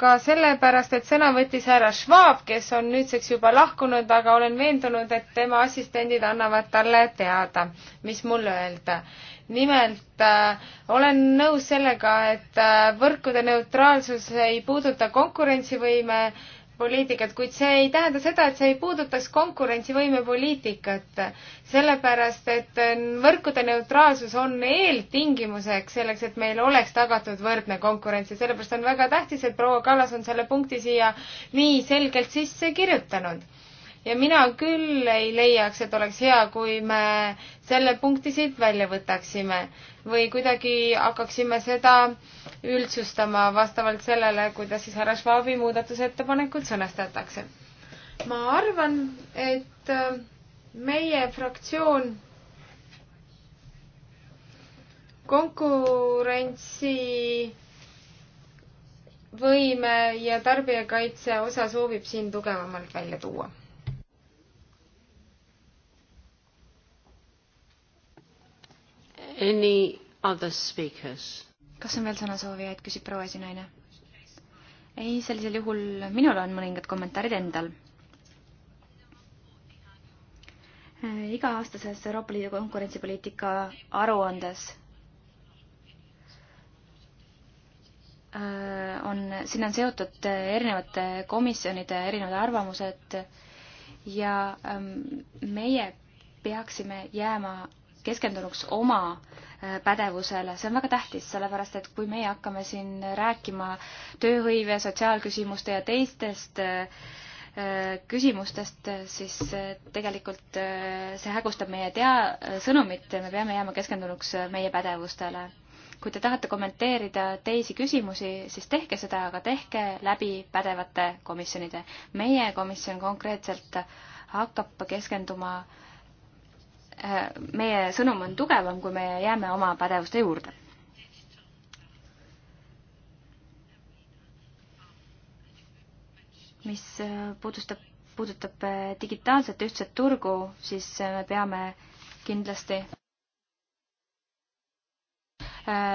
ka sellepärast, et sõna võttis härra Schwab, kes on nüüdseks juba lahkunud, aga olen veendunud, et tema assistendid annavad talle teada, mis mulle öelda. nimelt äh, olen nõus sellega, et äh, võrkude neutraalsus ei puuduta konkurentsivõime äh, poliitikat, kuid see ei tähenda seda, et see ei puudutaks konkurentsivõimepoliitikat, sellepärast et võrkude neutraalsus on eeltingimuseks selleks, et meil oleks tagatud võrdne konkurents ja sellepärast on väga tähtis, et proua Kallas on selle punkti siia nii selgelt sisse kirjutanud ja mina küll ei leiaks, et oleks hea, kui me selle punkti siit välja võtaksime või kuidagi hakkaksime seda üldsustama vastavalt sellele, kuidas siis härra Schwabi muudatusettepanekud sõnastatakse. ma arvan, et äh, meie fraktsioon konkurentsi võime ja tarbijakaitse osa soovib siin tugevamalt välja tuua any other speakers? kas on veel sõnasoovijaid, küsib proua esinaine. ei, sellisel juhul minul on mõningad kommentaarid endal. Äh, iga-aastases Euroopa Liidu konkurentsipoliitika aruandes äh, on, sinna on seotud erinevate komisjonide erinevad arvamused ja ähm, meie peaksime jääma keskendunuks oma äh, pädevusele, see on väga tähtis, sellepärast et kui meie hakkame siin rääkima tööhõive, sotsiaalküsimuste ja teistest äh, äh, küsimustest, siis tegelikult see hägustab meie tea-, sõnumit, me peame jääma keskendunuks meie pädevustele. kui te tahate kommenteerida teisi küsimusi, siis tehke seda, aga tehke läbi pädevate komisjonide. meie komisjon konkreetselt hakkab keskenduma äh, Äh, meie sõnum on tugevam, kui me jääme oma pädevuste juurde. mis äh, puudustab, puudutab äh, digitaalset ühtset turgu, siis me peame kindlasti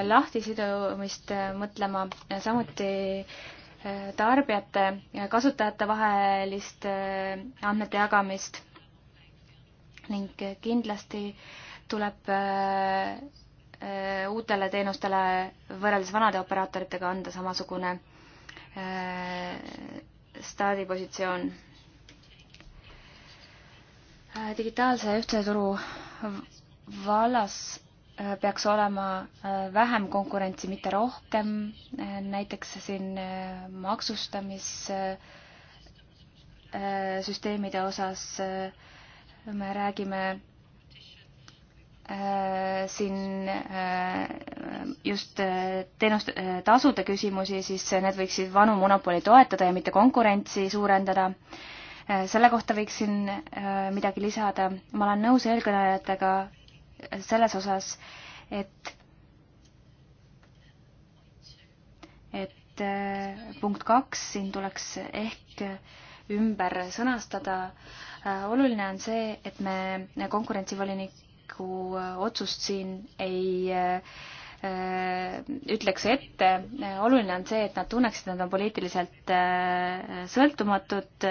lahtisidumist mõtlema, samuti tarbijate, kasutajate vahelist andmete jagamist ning kindlasti tuleb äh, äh, uutele teenustele võrreldes vanade operaatoritega anda samasugune äh, staadipositsioon. digitaalse ühtse turu vallas peaks olema vähem konkurentsi, mitte rohkem, näiteks siin maksustamis süsteemide osas äh, me räägime äh, siin äh, just äh, teenuste, tasude küsimusi, siis need võiksid vanu monopoli toetada ja mitte konkurentsi suurendada. selle kohta võiksin midagi lisada. ma olen nõus eelkõnelejatega selles osas, et, et punkt kaks siin tuleks ehk ümber sõnastada. Äh, oluline on see, et me konkurentsivoliniku äh, otsust siin ei äh, ütleks ette, oluline on see, et nad tunneksid, et nad on poliitiliselt sõltumatud,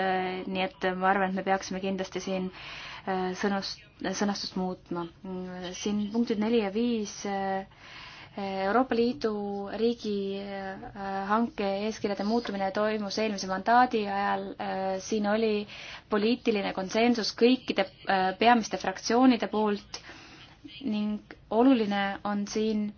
nii et ma arvan, et me peaksime kindlasti siin sõnust, sõnastust muutma. Mm, siin punktid neli ja viis Euroopa Liidu riigihanke äh, eeskirjade muutumine toimus eelmise mandaadi ajal. Äh, siin oli poliitiline konsensus kõikide äh, peamiste fraktsioonide poolt ning oluline on siin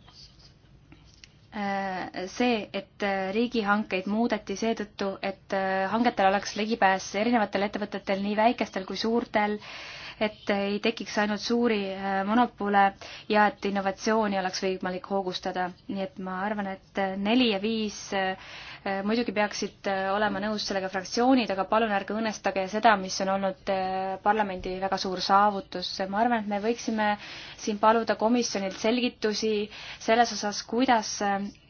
see, et riigihankeid muudeti seetõttu, et hangetel oleks ligipääs erinevatel ettevõtetel, nii väikestel kui suurtel äh, et ei tekiks ainult suuri äh, monopole ja et innovatsiooni oleks võimalik hoogustada. nii et ma arvan, et äh, neli ja viis äh, muidugi peaksid olema nõus sellega fraktsioonid, aga palun ärge õnnestage seda, mis on olnud parlamendi väga suur saavutus. ma arvan, et me võiksime siin paluda komisjonilt selgitusi selles osas, kuidas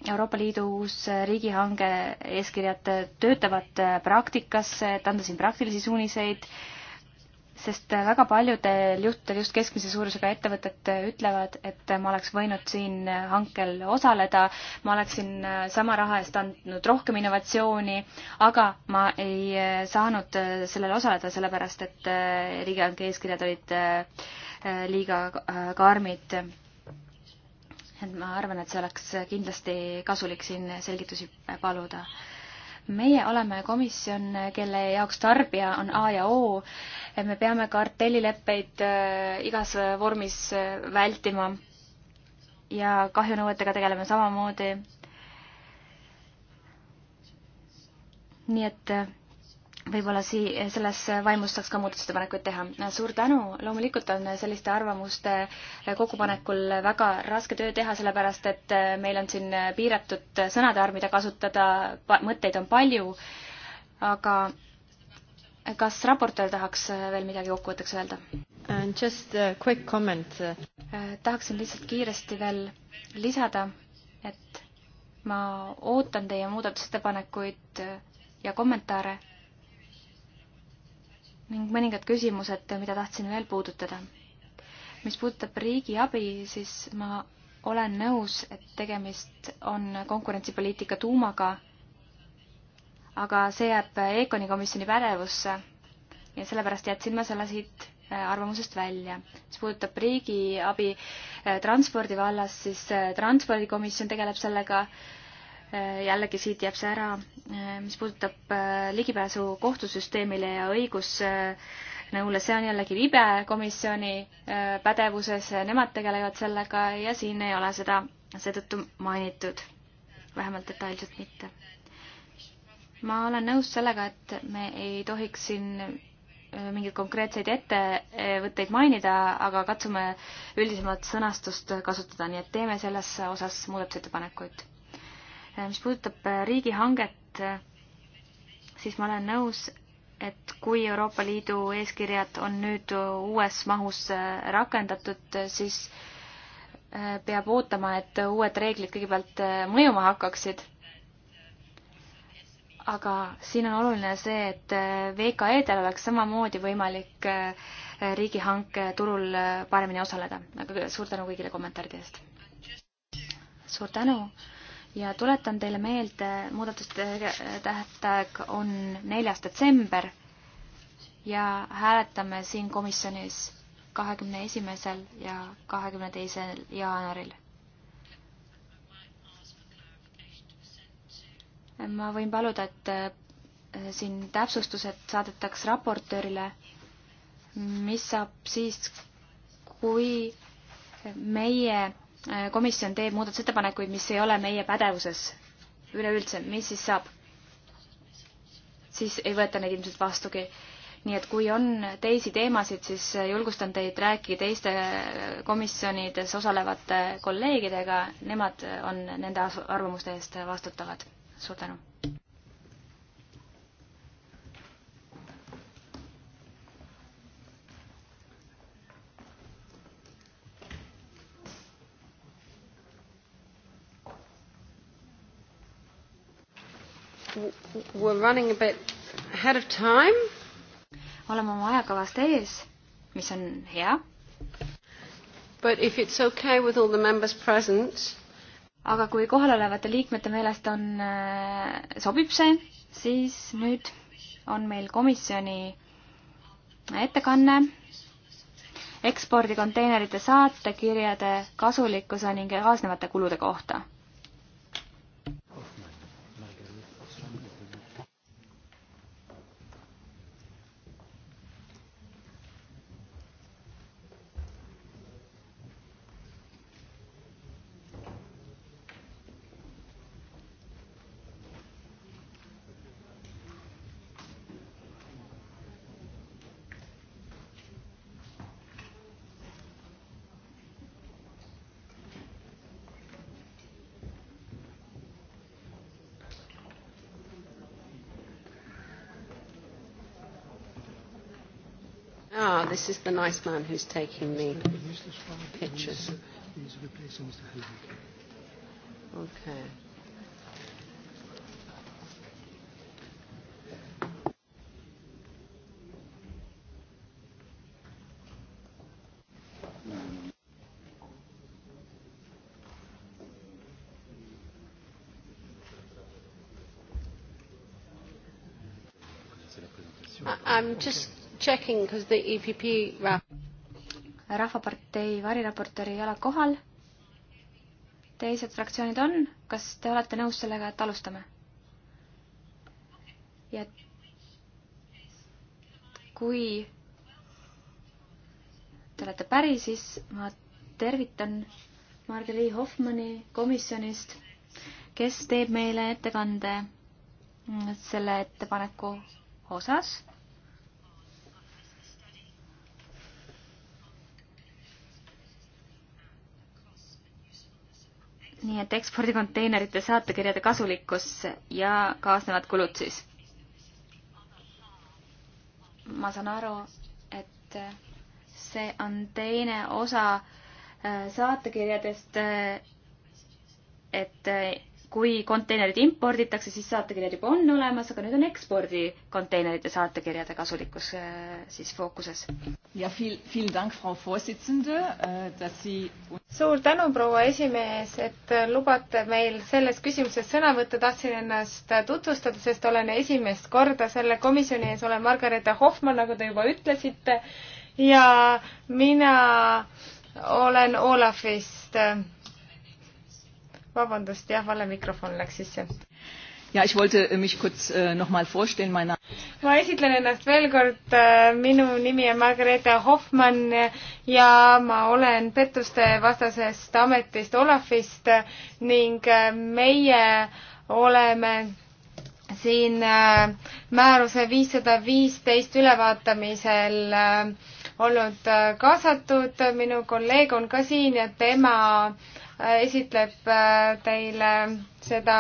Euroopa Liidu uus riigihange eeskirjad töötavad praktikas, et anda siin praktilisi suuniseid sest väga paljudel juhtudel just keskmise suurusega ettevõtted ütlevad, et ma oleks võinud siin hankel osaleda, ma oleksin sama raha eest andnud rohkem innovatsiooni, aga ma ei saanud sellel osaleda, sellepärast et riigihanke eeskirjad olid liiga karmid. et ma arvan, et see oleks kindlasti kasulik siin selgitusi paluda meie oleme komisjon, kelle jaoks tarbija on A ja O. me peame kartellileppeid äh, igas vormis äh, vältima ja kahjunõuetega tegeleme samamoodi. nii et äh, võib-olla sii-, selles vaimus saaks ka muudatusettepanekuid teha. suur tänu, loomulikult on selliste arvamuste kokkupanekul väga raske töö teha, sellepärast et meil on siin piiratud sõnade arv, mida kasutada, mõtteid on palju, aga kas raportöör tahaks veel midagi kokkuvõtteks öelda? Uh, just a quick comment. Uh, tahaksin lihtsalt kiiresti veel lisada, et ma ootan teie muudatusettepanekuid ja kommentaare ning mõningad küsimused, mida tahtsin veel puudutada. mis puudutab riigiabi, siis ma olen nõus, et tegemist on konkurentsipoliitika tuumaga, aga see jääb EKONi komisjoni pädevusse ja sellepärast jätsin ma selle siit äh, arvamusest välja. mis puudutab riigiabi äh, transpordi vallas, siis äh, transpordikomisjon tegeleb sellega äh, Äh, jällegi siit jääb see ära, äh, mis puudutab äh, ligipääsu kohtusüsteemile ja õigusnõule, see on jällegi libe komisjoni pädevuses, nemad tegelevad sellega ja siin ei ole seda seetõttu mainitud, vähemalt detailselt mitte. ma olen nõus sellega, et me ei tohiks siin mingeid konkreetseid ettevõtteid mainida, aga katsume üldisemalt sõnastust kasutada, nii et teeme selles osas muudatusettepanekuid Äh, mis puudutab äh, riigihanget, äh, siis ma olen nõus, et kui Euroopa Liidu eeskirjad on nüüd uues mahus rakendatud, siis peab ootama, et uued reeglid kõigepealt mõjuma hakkaksid. aga siin on oluline see, et VKE-del oleks samamoodi võimalik riigihanke turul paremini osaleda. aga suur tänu kõigile kommentaaride eest! suur tänu! ja tuletan teile meelde, muudatuste tähtaeg on neljas detsember ja hääletame siin komisjonis kahekümne esimesel ja kahekümne teisel jaanuaril. ma võin paluda, et äh, siin täpsustused saadetaks raportöörile, mis saab siis, kui meie Äh, komisjon teeb muudatusettepanekuid, mis ei ole meie pädevuses üleüldse, mis siis saab? siis ei võeta neid ilmselt vastugi. nii et kui on teisi teemasid, siis julgustan teid rääkige teiste komisjonides osalevate kolleegidega, nemad on nende arvamuste eest vastutavad. suur tänu We're running a bit ahead of time. oleme oma ajakavast ees, mis on hea. But if it's okay with all the members present. aga kui kohalolevate liikmete meelest on, äh, sobib see, siis nüüd on meil komisjoni ettekanne ekspordikonteinerite saatekirjade kasulikkuse ning kaasnevate kulude kohta This is the nice man who's taking the pictures. Okay. I'm just checking because the EPP rahvapartei variraportööri ei ole kohal. teised fraktsioonid on, kas te olete nõus sellega, et alustame? ja kui te olete päri, siis ma tervitan Margeli Hoffmanni komisjonist, kes teeb meile ettekande selle ettepaneku osas nii et ekspordikonteinerite saatekirjade kasulikkus ja kaasnevad kulud siis. ma saan aru, et see on teine osa äh, saatekirjadest, äh, et äh, kui konteinerid imporditakse, siis saatekirjad juba on olemas, aga nüüd on ekspordikonteinerite saatekirjade kasulikkus äh, siis fookuses. ja viel, viel dank, Frau Vorsitzende, äh, dass Sie suur tänu, proua esimees, et lubate meil selles küsimuses sõna võtta. tahtsin ennast tutvustada, sest olen esimest korda selle komisjoni ees, olen Margareeta Hoffmann, nagu te juba ütlesite, ja mina olen Olafist vabandust, jah, vale mikrofon läks sisse. Ja, ich wollte äh, mich kurz äh, nochmal vorstellen. Meine ma esitlen ennast veel kord. Äh, minu nimi on Margareeta Hoffmann ja ma olen pettuste vastasest ametist Olafist ning äh, meie oleme siin määruse viissada viisteist ülevaatamisel olnud kaasatud. minu kolleeg on ka siin ja tema äh, Äh, esitleb äh, teile seda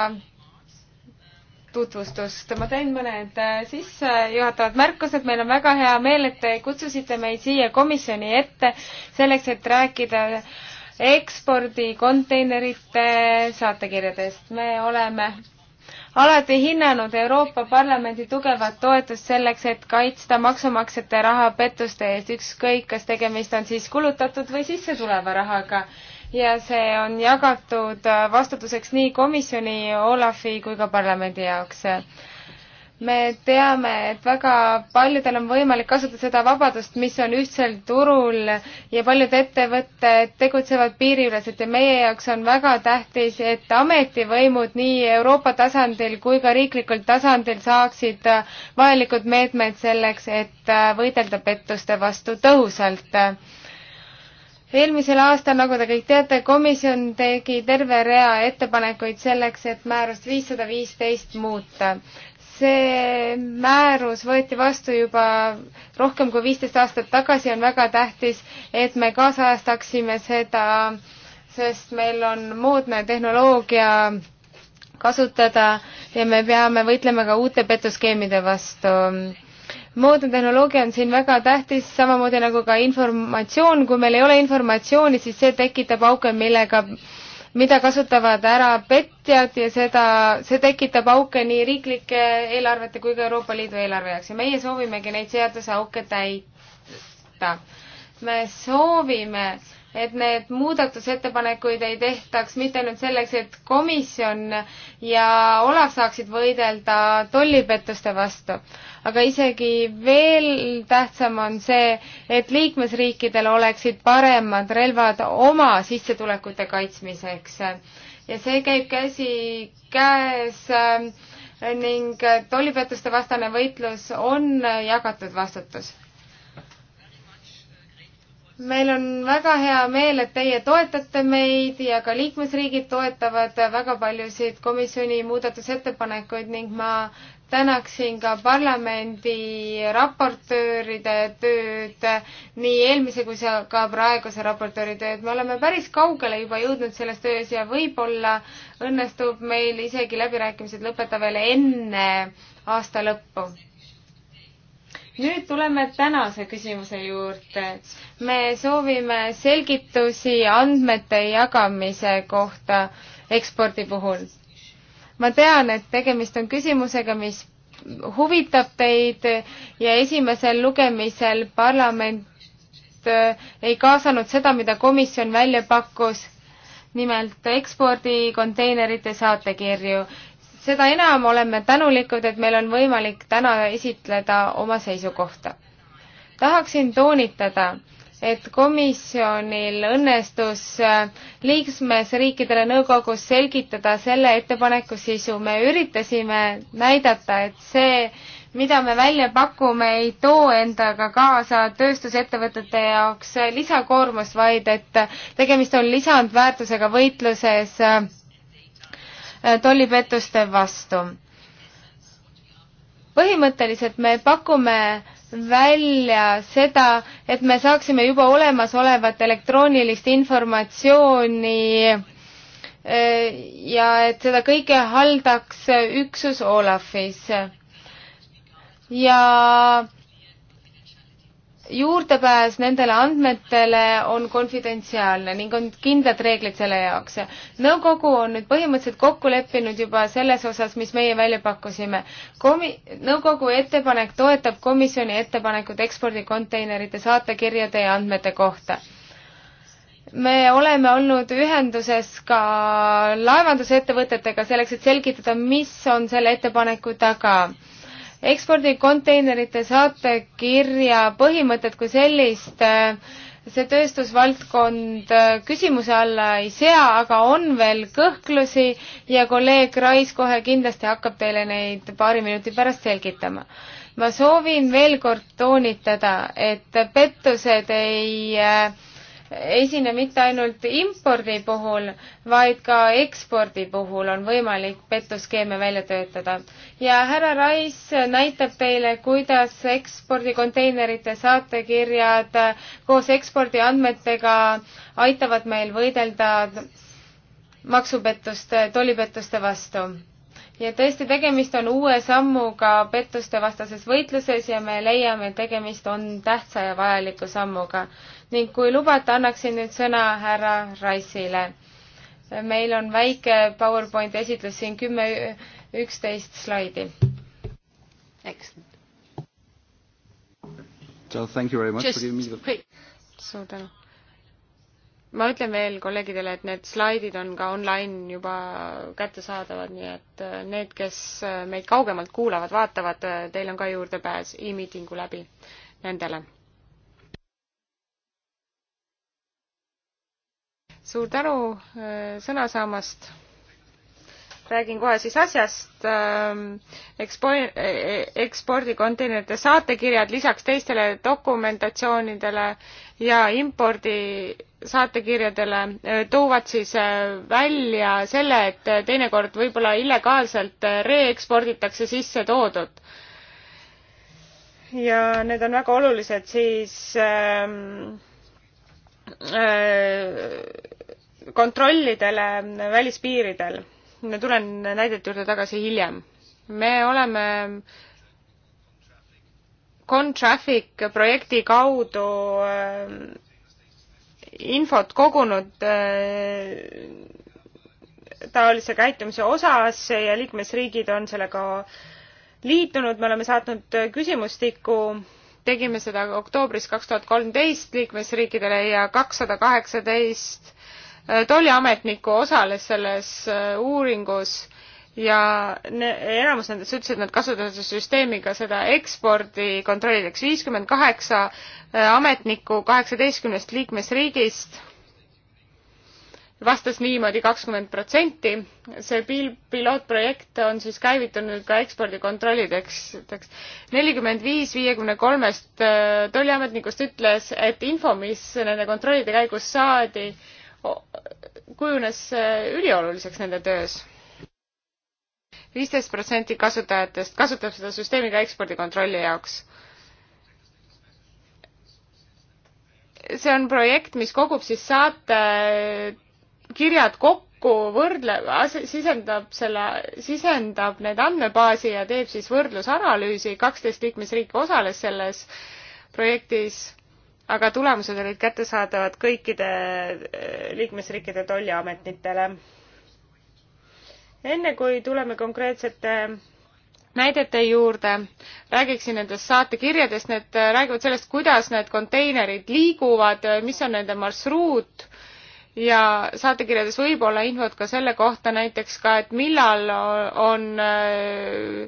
tutvustust. ma teen mõned äh, sissejuhatavad märkused. meil on väga hea meel, et te kutsusite meid siia komisjoni ette selleks, et rääkida ekspordikonteinerite saatekirjadest. me oleme alati hinnanud Euroopa Parlamendi tugevat toetust selleks, et kaitsta maksumaksjate raha pettuste eest, ükskõik kas tegemist on siis kulutatud või sisse tuleva rahaga ja see on jagatud äh, vastutuseks nii komisjoni, Olafi kui ka parlamendi jaoks me teame, et väga paljudel on võimalik kasutada seda vabadust, mis on ühtsel turul ja paljud ettevõtted tegutsevad piiriüleselt ja meie jaoks on väga tähtis, et ametivõimud nii Euroopa tasandil kui ka riiklikul tasandil saaksid äh, vajalikud meetmed selleks, et äh, võidelda pettuste vastu tõhusalt eelmisel aastal, nagu te kõik teate, komisjon tegi terve rea ettepanekuid selleks, et määrust viissada viisteist muuta. see määrus võeti vastu juba rohkem kui viisteist aastat tagasi, on väga tähtis, et me kaasajastaksime seda, sest meil on moodne tehnoloogia kasutada ja me peame võitlema ka uute petuskeemide vastu moodne tehnoloogia on siin väga tähtis, samamoodi nagu ka informatsioon, kui meil ei ole informatsiooni, siis see tekitab auke, millega, mida kasutavad ära petjad ja seda, see tekitab auke nii riiklike eelarvete kui ka Euroopa Liidu eelarve jaoks ja meie soovimegi neid seaduseauke täita. me soovime äh, et need muudatusettepanekuid ei tehtaks mitte ainult selleks, et komisjon ja Olav saaksid võidelda tollipettuste vastu, aga isegi veel tähtsam on see, et liikmesriikidel oleksid paremad relvad oma sissetulekute kaitsmiseks. ja see käib käsi käes äh, ning tollipettuste vastane võitlus on jagatud vastutus meil on väga hea meel, et teie toetate meid ja ka liikmesriigid toetavad väga paljusid komisjoni muudatusettepanekuid ning ma tänaksin ka parlamendi raportööride tööd, nii eelmise kui ka praeguse raportööri tööd. me oleme päris kaugele juba jõudnud selles töös ja võib-olla õnnestub meil isegi läbirääkimised lõpetada veel enne aasta lõppu nüüd tuleme tänase küsimuse juurde. me soovime selgitusi andmete jagamise kohta ekspordi puhul. ma tean, et tegemist on küsimusega, mis huvitab teid ja esimesel lugemisel parlament äh, ei kaasanud seda, mida komisjon välja pakkus nimelt ekspordikonteinerite saatekirju seda enam oleme tänulikud, et meil on võimalik täna esitleda oma seisukohta. tahaksin toonitada, et komisjonil õnnestus äh, liikmesriikidele nõukogus selgitada selle ettepaneku sisu. me üritasime näidata, et see, mida me välja pakume, ei too endaga kaasa tööstusettevõtete jaoks lisakoormust, vaid et tegemist on lisandväärtusega võitluses äh, Äh, tollipettuste vastu. põhimõtteliselt me pakume välja seda, et me saaksime juba olemasolevat elektroonilist informatsiooni äh, ja et seda kõike haldaks üksus Olafis. ja juurdepääs nendele andmetele on konfidentsiaalne ning on kindlad reeglid selle jaoks. nõukogu on nüüd põhimõtteliselt kokku leppinud juba selles osas, mis meie välja pakkusime. Komi-, nõukogu ettepanek toetab komisjoni ettepanekut ekspordikonteinerite saatekirjade ja andmete kohta. me oleme olnud ühenduses ka laevandusettevõtetega selleks, et selgitada, mis on selle ettepaneku taga ekspordikonteinerite saatekirja põhimõtet kui sellist äh, see tööstusvaldkond äh, küsimuse alla ei sea, aga on veel kõhklusi ja kolleeg Rais kohe kindlasti hakkab teile neid paari minuti pärast selgitama. ma soovin veel kord toonitada, et pettused ei äh, esine mitte ainult impordi puhul, vaid ka ekspordi puhul on võimalik pettuskeeme välja töötada. ja härra Rais näitab teile, kuidas ekspordikonteinerite saatekirjad koos ekspordiandmetega aitavad meil võidelda maksupettuste, tollipettuste vastu ja tõesti, tegemist on uue sammuga pettustevastases võitluses ja me leiame, et tegemist on tähtsa ja vajaliku sammuga ning kui lubate, annaksin nüüd sõna härra Raisile. meil on väike PowerPointi esitlus siin kümme, üksteist slaidi. suur tänu. ma ütlen veel kolleegidele, et need slaidid on ka online juba kättesaadavad, nii et äh, need, kes äh, meid kaugemalt kuulavad, vaatavad, äh, teil on ka juurdepääs e-miitingu läbi nendele suur tänu äh, sõna saamast. räägin kohe siis asjast. Ähm, Ekspo-, e-, ekspordikonteinerite saatekirjad lisaks teistele dokumentatsioonidele ja impordi saatekirjadele äh, toovad siis äh, välja selle, et teinekord võib-olla illegaalselt reeksporditakse sisse toodut ja need on väga olulised siis ähm, äh, kontrollidele välispiiridel. ma tulen näidete juurde tagasi hiljem. me oleme Contraffic projekti kaudu äh, infot kogunud äh, taolise käitumise osas ja liikmesriigid on sellega liitunud, me oleme saatnud küsimustiku, tegime seda oktoobris kaks tuhat kolmteist liikmesriikidele ja kakssada kaheksateist Äh, tolliametnikku osales selles äh, uuringus ja ne, enamus nendest ütles, et nad kasutasid süsteemi ka seda ekspordi kontrollideks. viiskümmend kaheksa äh, ametnikku kaheksateistkümnest liikmesriigist vastas niimoodi kakskümmend protsenti. see pil-, pilootprojekt on siis käivitunud ka ekspordikontrollideks. nelikümmend viis viiekümne kolmest tolliametnikust ütles, et info, mis nende kontrollide käigus saadi, kujunes äh, ülioluliseks nende töös. viisteist protsenti kasutajatest kasutab seda süsteemi ka ekspordikontrolli jaoks. see on projekt, mis kogub siis saate äh, kirjad kokku, võrdleb, sisendab selle, sisendab need andmebaasi ja teeb siis võrdlusanalüüsi, kaksteist liikmesriiki osales selles projektis aga tulemused olid kättesaadavad kõikide eh, liikmesriikide tolliametitele. enne kui tuleme konkreetsete näidete juurde, räägiksin nendest saatekirjadest, need eh, räägivad sellest, kuidas need konteinerid liiguvad, eh, mis on nende marsruut ja saatekirjades võib olla infot ka selle kohta näiteks ka, et millal on, on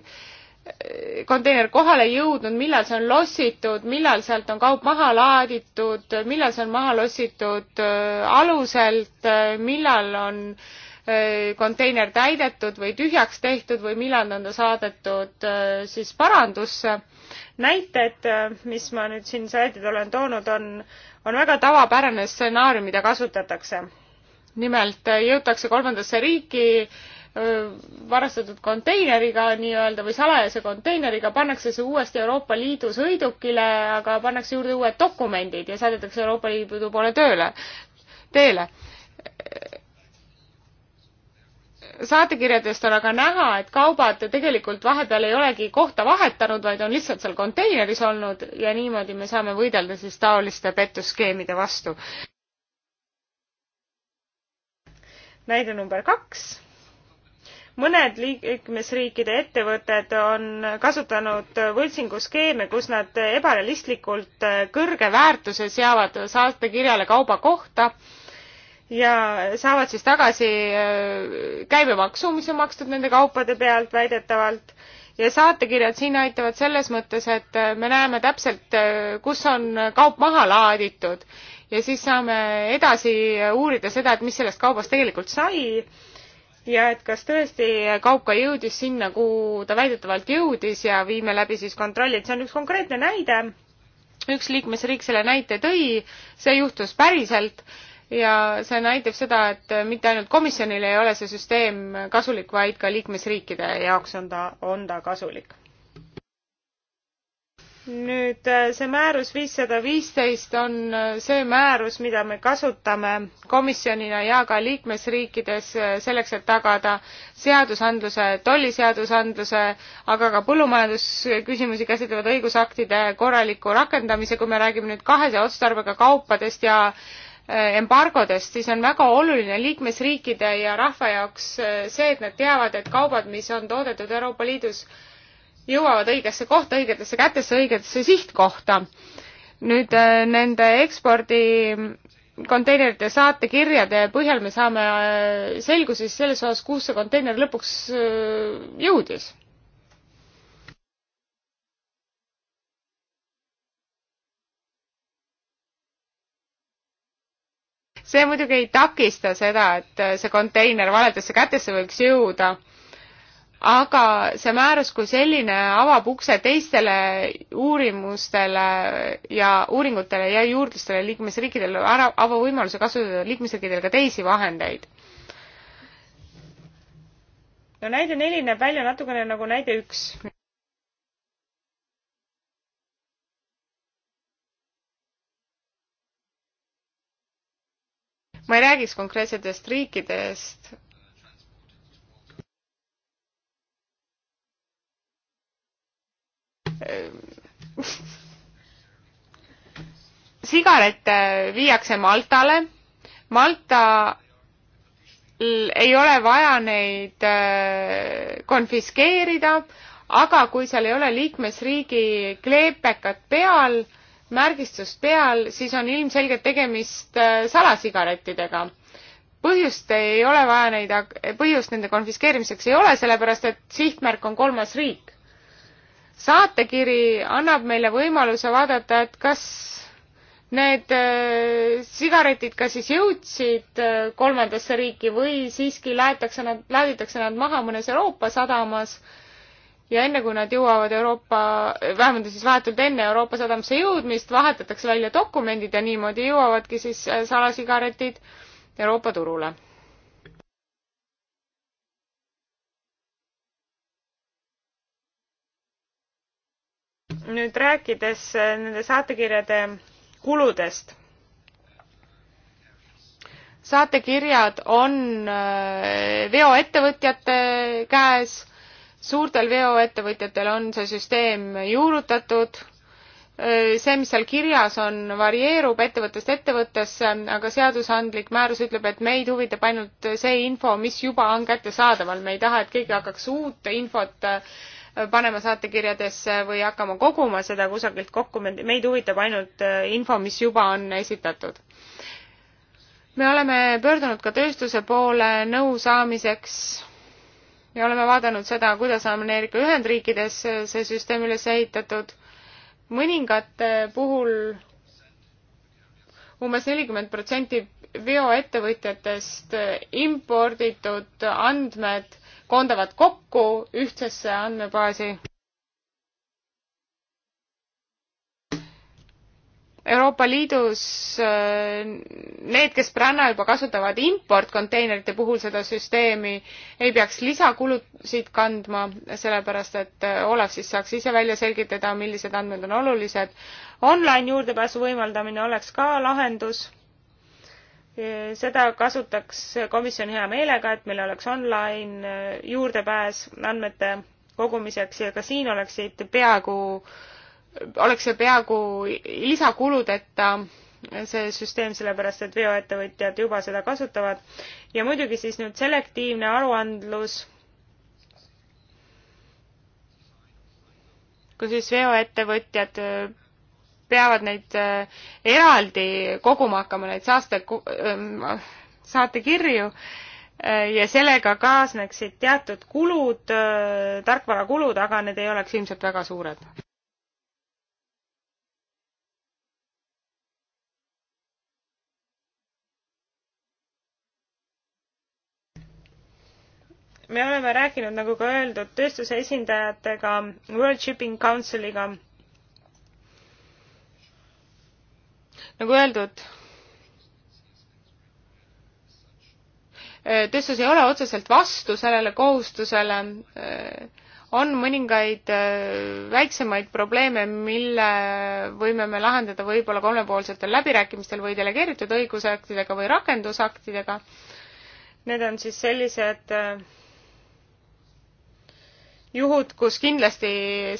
konteiner kohale jõudnud, millal see on lossitud, millal sealt on kaup maha laaditud, millal see on maha lossitud äh, aluselt, äh, millal on äh, konteiner täidetud või tühjaks tehtud või millal on ta saadetud siis parandusse. näited, mis ma nüüd siin slaididel olen toonud, on, on väga tavapärane stsenaarium, mida kasutatakse. nimelt jõutakse kolmandasse riiki, varastatud konteineriga nii-öelda või salajase konteineriga, pannakse see uuesti Euroopa Liidu sõidukile, aga pannakse juurde uued dokumendid ja saadetakse Euroopa Liidu poole tööle, teele. saatekirjadest on aga näha, et kaubad tegelikult vahepeal ei olegi kohta vahetanud, vaid on lihtsalt seal konteineris olnud ja niimoodi me saame võidelda siis taoliste pettusskeemide vastu. näide number kaks mõned liikmesriikide ettevõtted on kasutanud võltsinguskeeme, kus nad ebarealistlikult kõrge väärtuse seavad saatekirjale kauba kohta ja saavad siis tagasi äh, käibemaksu, mis on makstud nende kaupade pealt väidetavalt ja saatekirjad siin aitavad selles mõttes, et äh, me näeme täpselt, äh, kus on kaup maha laaditud ja siis saame edasi uurida seda, et mis sellest kaubast tegelikult sai ja et kas tõesti kaup ka jõudis sinna, kuhu ta väidetavalt jõudis ja viime läbi siis kontrollid, see on üks konkreetne näide, üks liikmesriik selle näite tõi, see juhtus päriselt ja see näitab seda, et mitte ainult komisjonile ei ole see süsteem kasulik, vaid ka liikmesriikide jaoks on ta, on ta kasulik nüüd äh, see määrus viissada viisteist on äh, see määrus, mida me kasutame komisjonina ja ka liikmesriikides äh, selleks, et tagada seadusandluse, tolliseadusandluse, aga ka põllumajandusküsimusi käsitlevate õigusaktide korraliku rakendamise, kui me räägime nüüd kahese otstarbega kaupadest ja embargodest, siis on väga oluline liikmesriikide ja rahva jaoks see, et nad teavad, et kaubad, mis on toodetud Euroopa Liidus, jõuavad õigesse kohta, õigetesse kätesse, õigetesse sihtkohta. nüüd äh, nende ekspordi konteinerite saatekirjade põhjal me saame äh, selguse siis selles osas, kuhu see konteiner lõpuks äh, jõudis. see muidugi ei takista seda, et see konteiner valedesse kätesse võiks jõuda aga see määrus kui selline avab ukse teistele uurimustele ja uuringutele ja juurdlustele liikmesriikidele, avab võimaluse kasutada liikmesriikidel ka teisi vahendeid. no näide neli näeb välja natukene nagu näide üks. ma ei räägiks konkreetsetest riikidest, Ehm, sigarette viiakse Maltale. Malta ei ole vaja neid äh, konfiskeerida, aga kui seal ei ole liikmesriigi kleepekat peal, märgistust peal, siis on ilmselgelt tegemist äh, salasigarettidega. põhjust ei ole vaja neid, põhjust nende konfiskeerimiseks ei ole, sellepärast et sihtmärk on kolmas riik saatekiri annab meile võimaluse vaadata, et kas need äh, sigaretid ka siis jõudsid äh, kolmandasse riiki või siiski laetakse nad, laaditakse nad maha mõnes Euroopa sadamas ja enne kui nad jõuavad Euroopa, vähemalt siis vahetult enne Euroopa sadamasse jõudmist, vahetatakse välja dokumendid ja niimoodi jõuavadki siis äh, salasigaretid Euroopa turule. nüüd rääkides äh, nende saatekirjade kuludest. saatekirjad on äh, veoettevõtjate käes, suurtel veoettevõtjatel on see süsteem juurutatud, äh, see, mis seal kirjas on, varieerub ettevõttest ettevõttesse, aga seadusandlik määrus ütleb, et meid huvitab ainult see info, mis juba on kättesaadaval, me ei taha, et keegi hakkaks uut infot äh, panema saatekirjadesse või hakkama koguma seda kusagilt kokku, meid huvitab ainult äh, info, mis juba on esitatud. me oleme pöördunud ka tööstuse poole nõu saamiseks ja oleme vaadanud seda, kuidas on Ameerika Ühendriikides äh, see süsteem üles ehitatud. mõningate puhul umbes nelikümmend protsenti veoettevõtjatest imporditud andmed koondavad kokku ühtsesse andmebaasi. Euroopa Liidus äh, need, kes pränna juba kasutavad importkonteinerite puhul seda süsteemi, ei peaks lisakulusid kandma, sellepärast et äh, Olev siis saaks ise välja selgitada, millised andmed on olulised. Online juurdepääsu võimaldamine oleks ka lahendus seda kasutaks komisjon hea meelega, et meil oleks online eh, juurdepääs andmete kogumiseks ja ka siin oleksid peaaegu, oleks see peaaegu lisakuludeta eh, see süsteem, sellepärast et veoettevõtjad juba seda kasutavad. ja muidugi siis nüüd selektiivne aruandlus, kui siis veoettevõtjad eh, peavad neid äh, eraldi koguma hakkama, neid saaste, ähm, saatekirju äh, ja sellega kaasneksid teatud kulud, äh, tarkvarakulud, aga need ei oleks ilmselt väga suured. me oleme rääkinud, nagu ka öeldud, tööstuse esindajatega, World Shipping Council'iga nagu öeldud, äh, tööstus ei ole otseselt vastu sellele kohustusele, äh, on mõningaid äh, väiksemaid probleeme, mille võime me lahendada võib-olla kolmepoolsetel läbirääkimistel või delegeeritud õigusaktidega või rakendusaktidega. Need on siis sellised äh, juhud, kus kindlasti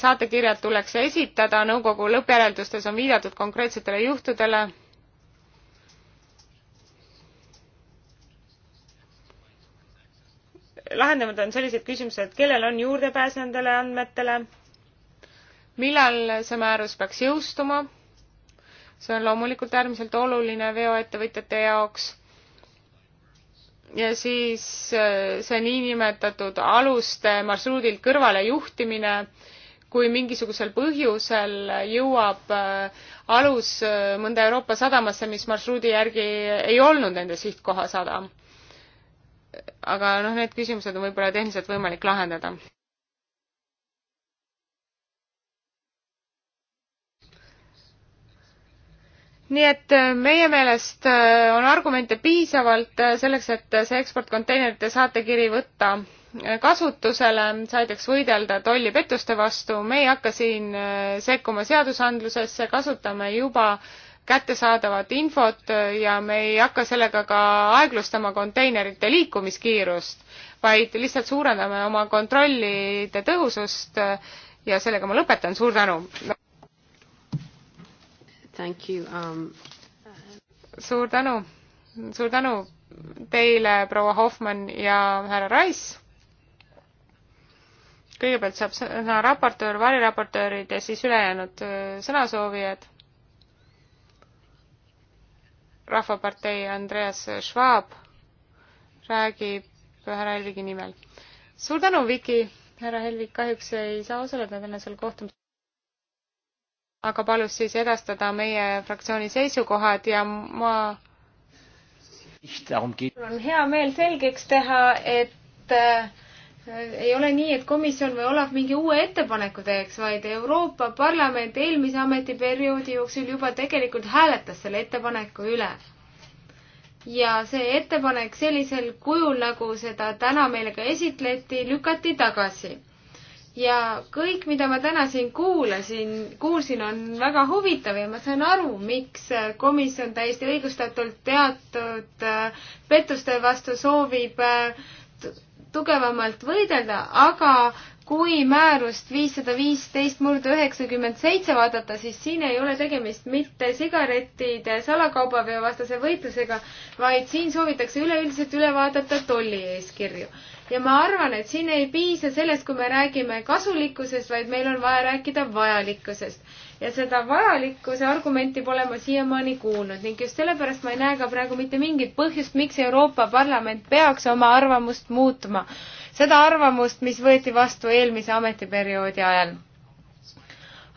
saatekirjad tuleks esitada, nõukogu lõppjäreldustes on viidatud konkreetsetele juhtudele. lahendamata on sellised küsimused, kellel on juurdepääs nendele andmetele, millal see määrus peaks jõustuma, see on loomulikult äärmiselt oluline veoettevõtjate jaoks ja siis äh, see niinimetatud aluste marsruudilt kõrvalejuhtimine, kui mingisugusel põhjusel jõuab äh, alus äh, mõnda Euroopa sadamasse, mis marsruudi järgi ei olnud nende sihtkoha sadam. aga noh, need küsimused on võib-olla tehniliselt võimalik lahendada. nii et äh, meie meelest äh, on argumente piisavalt äh, selleks, et see eksportkonteinerite saatekiri võtta kasutusele, see aitaks võidelda tollipettuste vastu, me ei hakka siin sekkuma seadusandlusesse, kasutame juba kättesaadavat infot ja me ei hakka sellega ka aeglustama konteinerite liikumiskiirust, vaid lihtsalt suurendame oma kontrollide tõhusust ja sellega ma lõpetan, suur tänu! Thank you um.... suur tänu, suur tänu teile, proua Hoffmann ja härra Rice. kõigepealt saab sõna raportöör, variraportöörid ja siis ülejäänud äh, sõnasoovijad. rahvapartei Andreas Schwab räägib härra Helvigi nimel. suur tänu, Viki. härra Helvik kahjuks ei saa osaleda tänasel kohtumisel aga palus siis edastada meie fraktsiooni seisukohad ja ma mul on hea meel selgeks teha, et äh, ei ole nii, et komisjon või Olav mingi uue ettepaneku teeks, vaid Euroopa Parlament eelmise ametiperioodi jooksul juba tegelikult hääletas selle ettepaneku üle. ja see ettepanek sellisel kujul, nagu seda täna meile ka esitleti, lükati tagasi ja kõik, mida ma täna siin kuulasin, kuulsin, on väga huvitav ja ma saan aru, miks komisjon täiesti õigustatult teatud äh, pettuste vastu soovib äh, tugevamalt võidelda, aga kui määrust viissada viisteist murd üheksakümmend seitse vaadata, siis siin ei ole tegemist mitte sigarettide salakaubaveo vastase võitlusega, vaid siin soovitakse üleüldiselt üle vaadata tollieeskirju. ja ma arvan, et siin ei piisa sellest, kui me räägime kasulikkusest, vaid meil on vaja rääkida vajalikkusest. ja seda vajalikkuse argumenti pole ma siiamaani kuulnud ning just sellepärast ma ei näe ka praegu mitte mingit põhjust, miks Euroopa Parlament peaks oma arvamust muutma seda arvamust, mis võeti vastu eelmise ametiperioodi ajal.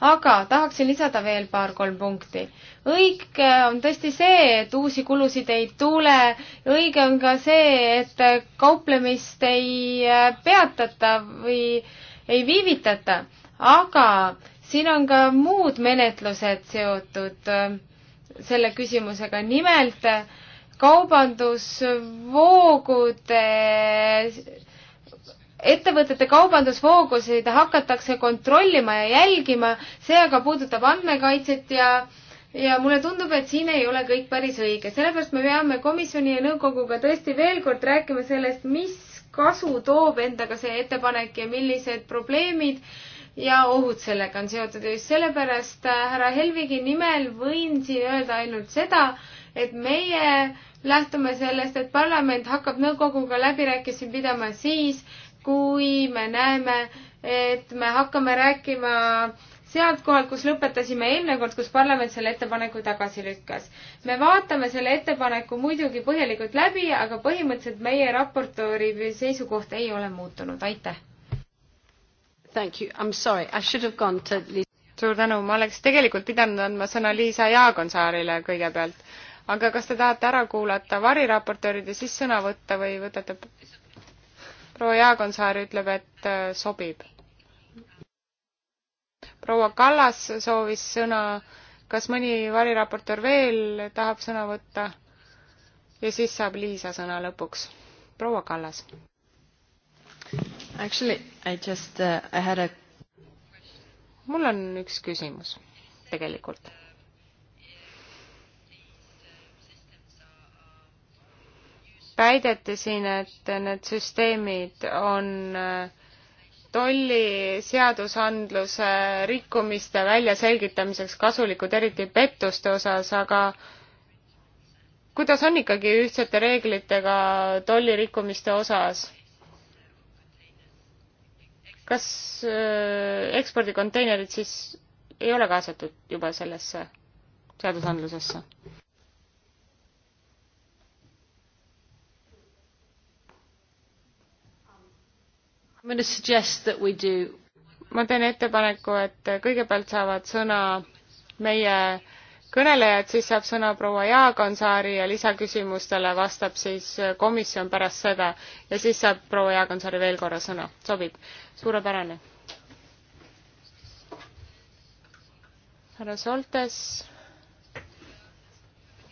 aga tahaksin lisada veel paar-kolm punkti. õige on tõesti see, et uusi kulusid ei tule, õige on ka see, et kauplemist ei äh, peatata või ei viivitata, aga siin on ka muud menetlused seotud äh, selle küsimusega, nimelt kaubandusvoogude ettevõtete kaubandusvoogusid hakatakse kontrollima ja jälgima, see aga puudutab andmekaitset ja ja mulle tundub, et siin ei ole kõik päris õige, sellepärast me peame komisjoni ja nõukoguga tõesti veel kord rääkima sellest, mis kasu toob endaga see ettepanek ja millised probleemid ja ohud sellega on seotud ja just sellepärast äh, härra Helvigi nimel võin siin öelda ainult seda, et meie lähtume sellest, et parlament hakkab nõukoguga läbirääkimisi pidama siis, kui me näeme, et me hakkame rääkima sealt kohalt, kus lõpetasime eelmine kord, kus parlament selle ettepaneku tagasi lükkas. me vaatame selle ettepaneku muidugi põhjalikult läbi, aga põhimõtteliselt meie raportööri seisukoht ei ole muutunud, aitäh. Thank you, I m sorry, I should have gone to Liis. suur tänu, ma oleks tegelikult pidanud andma sõna Liisa Jaagonsaarile kõigepealt. aga kas te tahate ära kuulata variraportöörid ja siis sõna võtta või võtate? proua Jaagonsaar ütleb, et äh, sobib. proua Kallas soovis sõna. kas mõni variraportöör veel tahab sõna võtta? ja siis saab Liisa sõna lõpuks. proua Kallas. Actually I just uh, I had a mul on üks küsimus tegelikult väideti siin, et need süsteemid on äh, tolliseadusandluse rikkumiste väljaselgitamiseks kasulikud, eriti pettuste osas, aga kuidas on ikkagi ühtsete reeglitega tollirikkumiste osas? kas äh, ekspordikonteinerid siis ei ole kaasatud juba sellesse seadusandlusesse? ma teen ettepaneku, et kõigepealt saavad sõna meie kõnelejad, siis saab sõna proua Jaagonsaari ja lisaküsimustele vastab siis komisjon pärast seda ja siis saab proua Jaagonsaari veel korra sõna, sobib, suurepärane. härra Soltes,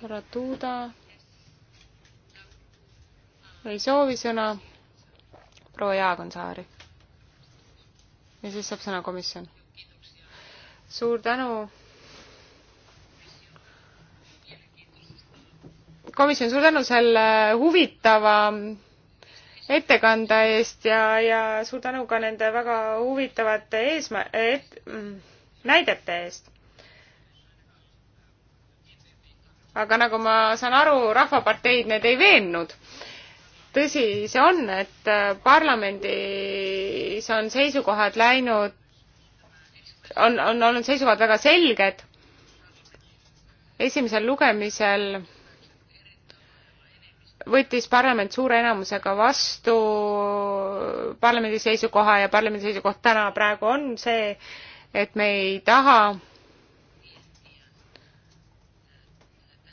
härra Tuuda ei soovi sõna proua Jaagonsaari. ja siis saab sõna komisjon. suur tänu. komisjon, suur tänu selle huvitava ettekande eest ja, ja suur tänu ka nende väga huvitavate eesmä-, et, näidete eest. aga nagu ma saan aru, Rahvaparteid need ei veennud tõsi see on, et äh, parlamendis on seisukohad läinud, on, on olnud seisukohad väga selged. esimesel lugemisel võttis parlament suure enamusega vastu parlamendi seisukoha ja parlamendi seisukoht täna praegu on see, et me ei taha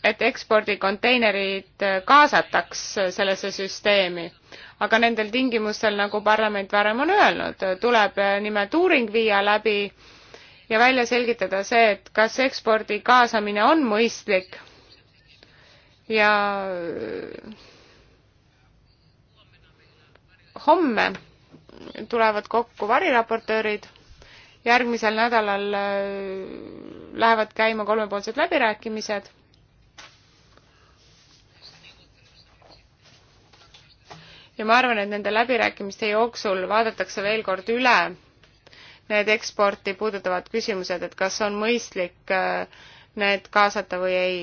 et ekspordikonteinerid äh, kaasataks äh, sellesse süsteemi. aga nendel tingimustel, nagu parlament varem on öelnud, äh, tuleb nimelt uuring viia läbi ja välja selgitada see, et kas ekspordi kaasamine on mõistlik ja homme tulevad kokku variraportöörid, järgmisel nädalal lähevad käima kolmepoolsed läbirääkimised ja ma arvan, et nende läbirääkimiste jooksul vaadatakse veel kord üle need eksporti puudutavad küsimused, et kas on mõistlik äh, need kaasata või ei.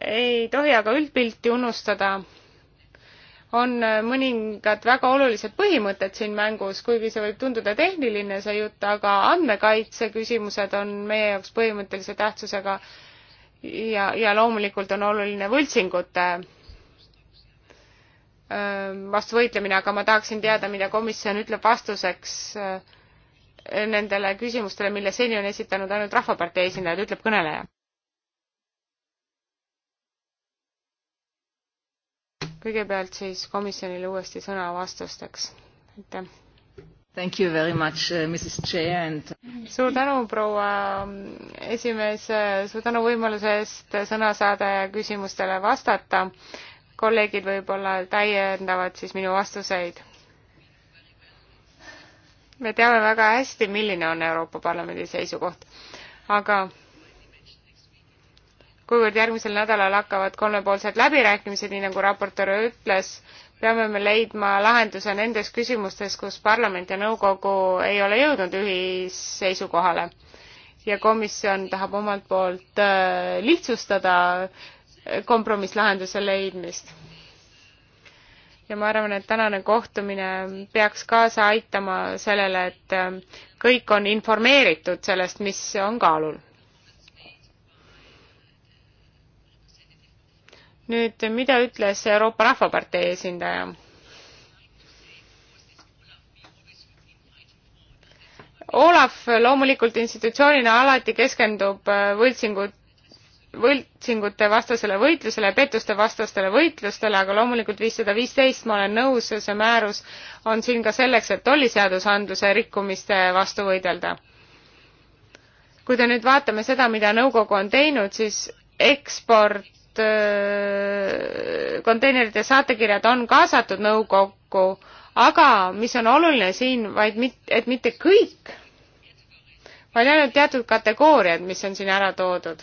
ei tohi aga üldpilti unustada. on äh, mõningad väga olulised põhimõtted siin mängus, kuigi see võib tunduda tehniline, see jutt, aga andmekaitse küsimused on meie jaoks põhimõttelise tähtsusega ja, ja loomulikult on oluline võltsingute Ähm, vastu võitlemine, aga ma tahaksin teada, mida komisjon ütleb vastuseks äh, nendele küsimustele, mille seni on esitanud ainult Rahvapartei esindajad, ütleb kõneleja. kõigepealt siis komisjonile uuesti sõna vastusteks, aitäh. Thank you very much, uh, Mrs Chair and suur tänu, proua ähm, esimees, suur tänu võimaluse eest sõna saada ja küsimustele vastata kolleegid võib-olla täiendavad siis minu vastuseid. me teame väga hästi, milline on Euroopa Parlamendi seisukoht, aga kuivõrd järgmisel nädalal hakkavad kolmepoolsed läbirääkimised, nii nagu raportöör ütles, peame me leidma lahenduse nendes küsimustes, kus parlament ja nõukogu ei ole jõudnud ühisseisukohale. ja komisjon tahab omalt poolt äh, lihtsustada kompromisslahenduse leidmist. ja ma arvan, et tänane kohtumine peaks kaasa aitama sellele, et ähm, kõik on informeeritud sellest, mis on kaalul. nüüd, mida ütles Euroopa Rahvapartei esindaja? Olav loomulikult institutsioonina alati keskendub äh, võltsingut võltsingute vastasele võitlusele, pettuste vastastele võitlustele, aga loomulikult viissada viisteist, ma olen nõus, see määrus on siin ka selleks, et tolliseadusandluse rikkumiste vastu võidelda. kui te nüüd vaatame seda, mida nõukogu on teinud, siis eksport äh,, konteinerite saatekirjad on kaasatud nõukokku, aga mis on oluline siin, vaid mit-, et mitte kõik, vaid ainult teatud kategooriad, mis on siin ära toodud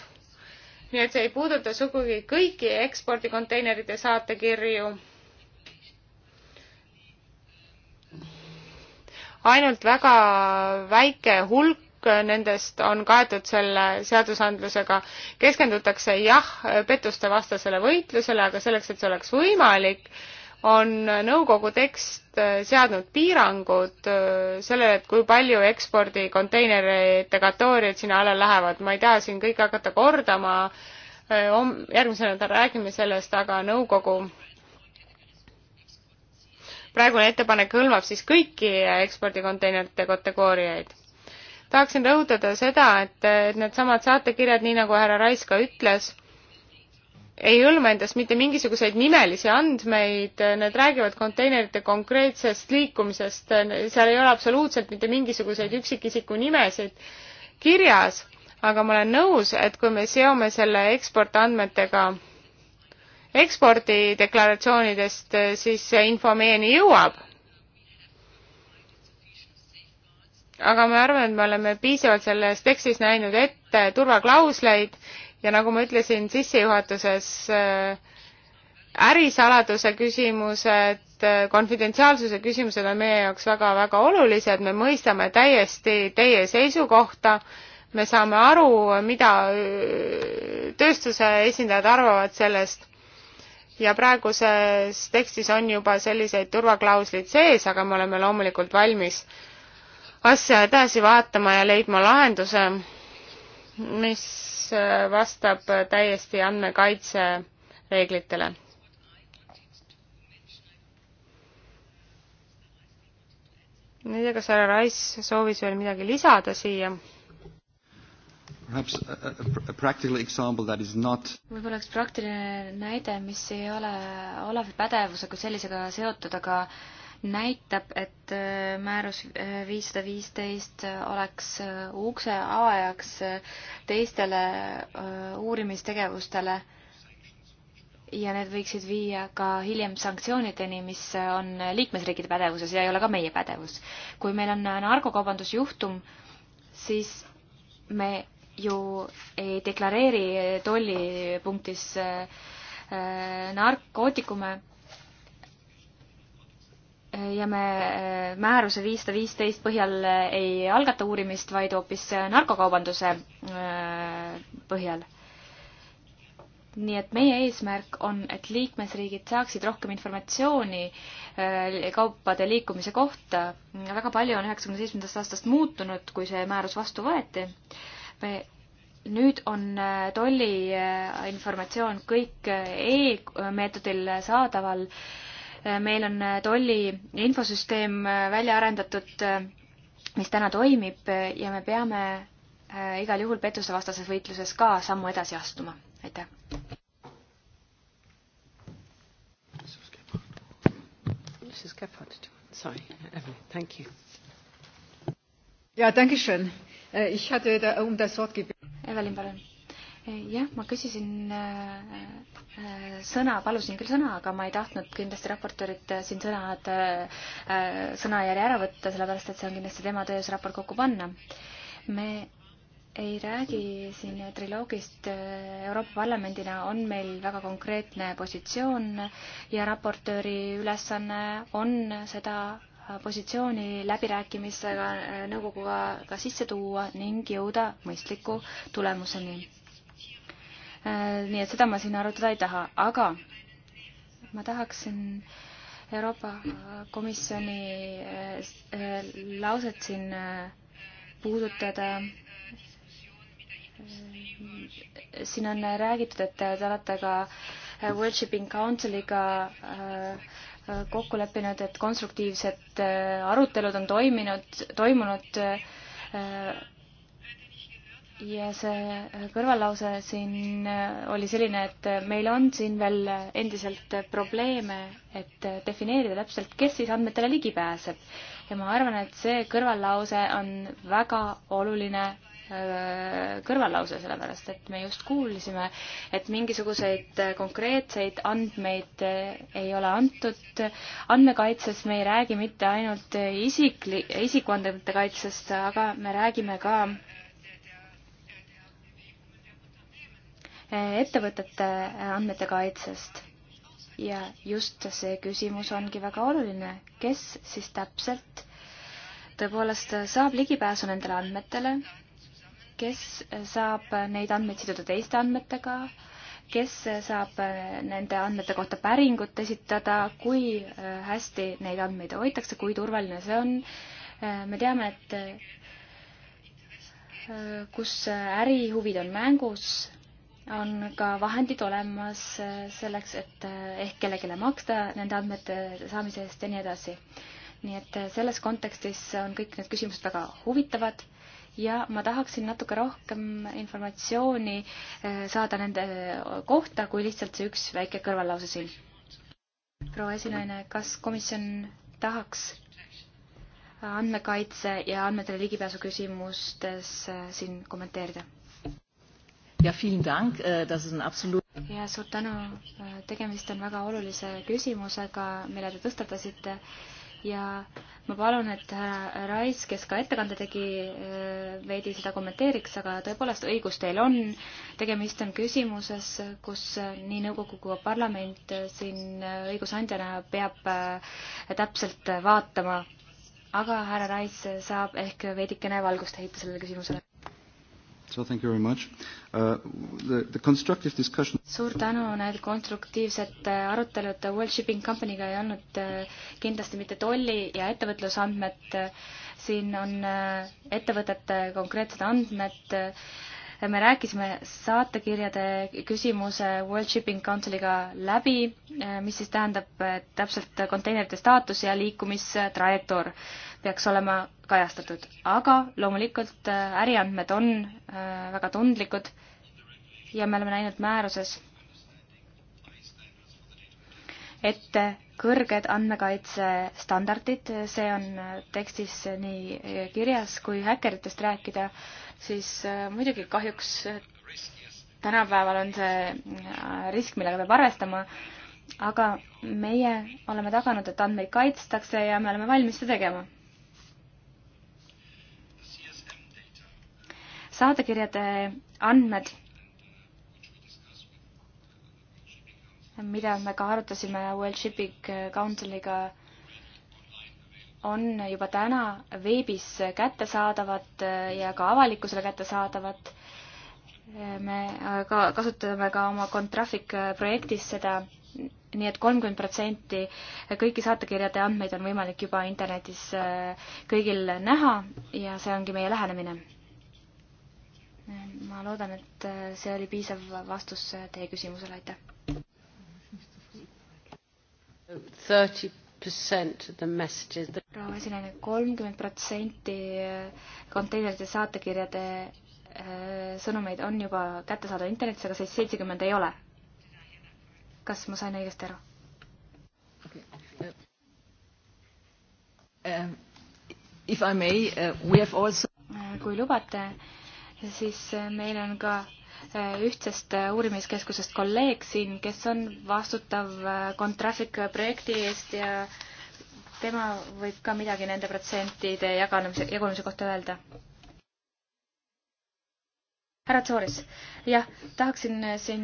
nii et see ei puuduta sugugi kõiki ekspordikonteinerite saatekirju. ainult väga väike hulk nendest on kaetud selle seadusandlusega. keskendutakse jah, pettuste vastasele võitlusele, aga selleks, et see oleks võimalik, on nõukogu tekst seadnud piirangud äh, sellele, et kui palju ekspordikonteinerite kategooriad sinna alla lähevad, ma ei taha siin kõike hakata kordama, äh, järgmisel nädalal räägime sellest, aga nõukogu praegune ettepanek hõlmab siis kõiki ekspordikonteinerite kategooriaid. tahaksin rõhutada seda, et, et needsamad saatekirjad, nii nagu härra Raisk ka ütles, ei hõlma endas mitte mingisuguseid nimelisi andmeid, need räägivad konteinerite konkreetsest liikumisest, seal ei ole absoluutselt mitte mingisuguseid üksikisiku nimesid kirjas, aga ma olen nõus, et kui me seome selle eksportandmetega ekspordideklaratsioonidest, siis see info meieni jõuab. aga ma arvan, et me oleme piisavalt selles tekstis näinud ette turvaklausleid, ja nagu ma ütlesin sissejuhatuses, äh, ärisaladuse küsimused, äh, konfidentsiaalsuse küsimused on meie jaoks väga-väga olulised, me mõistame täiesti teie seisukohta, me saame aru, mida äh, tööstuse esindajad arvavad sellest ja praeguses tekstis on juba selliseid turvaklauslid sees, aga me oleme loomulikult valmis asja edasi vaatama ja leidma lahenduse, mis mis äh, vastab täiesti andmekaitse reeglitele. ma ei tea, kas härra Rice soovis veel midagi lisada siia? võib-olla üks praktiline näide, mis ei ole Olavi pädevuse kui sellisega seotud, aga äh, näitab, et äh, määrus äh, viissada viisteist äh, oleks ukse avajaks teistele uurimistegevustele ja need võiksid viia ka hiljem sanktsioonideni, mis on liikmesriikide pädevuses ja ei ole ka meie pädevus. kui meil on narkokaubandusjuhtum, siis me ju ei deklareeri tollipunktis narkootikume ja me eh, määruse viissada viisteist põhjal ei algata uurimist, vaid hoopis eh, narkokaubanduse eh, põhjal. nii et meie eesmärk on, et liikmesriigid saaksid rohkem informatsiooni kaupade liikumise kohta. väga palju on üheksakümne seitsmendast aastast muutunud, kui see määrus vastu võeti. me nüüd on tolli informatsioon kõik e-meetodil e-, saadaval meil on äh, tolli infosüsteem äh, välja arendatud, äh, mis täna toimib ja me peame igal juhul pettusevastases võitluses ka sammu edasi astuma. aitäh! Mrs. Gephardt. Sorry, Evelyn, thank you. Ja, danke schön. Ich hatte da um das Wort gebeten. Evelyn, palun. Jah, ma küsisin sõna, palusin küll sõna, aga ma ei tahtnud kindlasti raportöörit siin sõnad, äh, sõnajärje ära võtta, sellepärast et see on kindlasti tema töös raport kokku panna. me ei räägi siin triloogist äh, Euroopa Parlamendina, on meil väga konkreetne positsioon ja raportööri ülesanne on seda äh, positsiooni läbirääkimistega nõukoguga ka sisse tuua ning jõuda mõistliku tulemuseni Äh, nii et seda ma siin arutada ei taha, aga ma tahaksin Euroopa Komisjoni äh, äh, lauset siin puudutada. siin on räägitud, et te olete ka Worshipping Council'iga kokku leppinud, et konstruktiivsed arutelud on toiminud, toimunud ja see äh, kõrvallause siin äh, oli selline, et äh, meil on siin veel endiselt probleeme, et defineerida täpselt, kes siis andmetele ligi pääseb. ja ma arvan, et see kõrvallause on väga oluline kõrvallause, sellepärast et me just kuulsime, et mingisuguseid konkreetseid andmeid ei ole antud. andmekaitses me ei räägi mitte ainult isikli, isikuandmete kaitsest, aga me räägime ka äh, ettevõtete andmete kaitsest. ja just see küsimus ongi väga oluline, kes siis täpselt tõepoolest saab ligipääsu nendele andmetele, kes saab neid andmeid siduda teiste andmetega, kes saab nende andmete kohta päringut esitada, kui äh, hästi neid andmeid hoitakse, kui turvaline see on. Äh, me teame, et äh, kus ärihuvid on mängus, on ka vahendid olemas selleks, et eh, ehk kellelegi maksta nende andmete saamise eest ja nii edasi. nii et eh, selles kontekstis on kõik need küsimused väga huvitavad ja ma tahaksin natuke rohkem informatsiooni eh, saada nende kohta, kui lihtsalt see üks väike kõrvallause siin. proua esinaine, kas komisjon tahaks andmekaitse ja andmetele ligipääsu küsimustes siin kommenteerida? ja vielen Dank, äh, das ist ein absolut ja suur tänu, äh, tegemist on väga olulise küsimusega, mille te tõstatasite ja ma palun, et härra Rais, kes ka ettekande tegi, äh, veidi seda kommenteeriks, aga tõepoolest õigus teil on. tegemist on küsimuses, kus nii nõukogu kui ka parlament siin õigusandjana peab täpselt vaatama. aga härra Rais saab ehk veidikene valgust heita sellele küsimusele. So thank you very much. Uh, the, the constructive discussion. suur tänu, need konstruktiivsed arutelud World Shipping Company'ga ei olnud äh, kindlasti mitte tolli ja ettevõtlusandmed. siin on äh, ettevõtete konkreetsed andmed. Äh, me rääkisime saatekirjade küsimuse World Shipping Council'iga läbi, mis siis tähendab täpselt konteinerite staatus ja liikumistrajektoor peaks olema kajastatud, aga loomulikult äh, äriandmed on äh, väga tundlikud ja me oleme näinud määruses, et kõrged andmekaitsestandardid, see on äh, tekstis nii kirjas, kui häkkeritest rääkida, siis muidugi kahjuks tänapäeval on see risk, millega peab arvestama, aga meie oleme taganud, et andmeid kaitstakse ja me oleme valmis seda tegema saatekirjade andmed, mida me ka arutasime World Shipping Council'iga, on juba täna veebis kättesaadavad ja ka avalikkusele kättesaadavad. me ka kasutame ka oma Contrafic projektis seda nii et kolmkümmend protsenti kõiki saatekirjade andmeid on võimalik juba internetis kõigil näha ja see ongi meie lähenemine ma loodan, et äh, see oli piisav vastus äh, teie küsimusele, aitäh. proua esinaine, kolmkümmend protsenti äh, konteinerite saatekirjade sõnumeid on juba kättesaadav internetis, aga siis seitsekümmend ei ole. kas ma sain õigesti aru okay.? Uh, um, if I may uh,, we have also kui lubate uh,, siis äh, meil on ka äh, ühtsest äh, uurimiskeskusest kolleeg siin, kes on vastutav Contrafic projekti eest ja tema võib ka midagi nende protsentide jaganemise, jagunemise kohta öelda. härra Tsooris, jah, tahaksin siin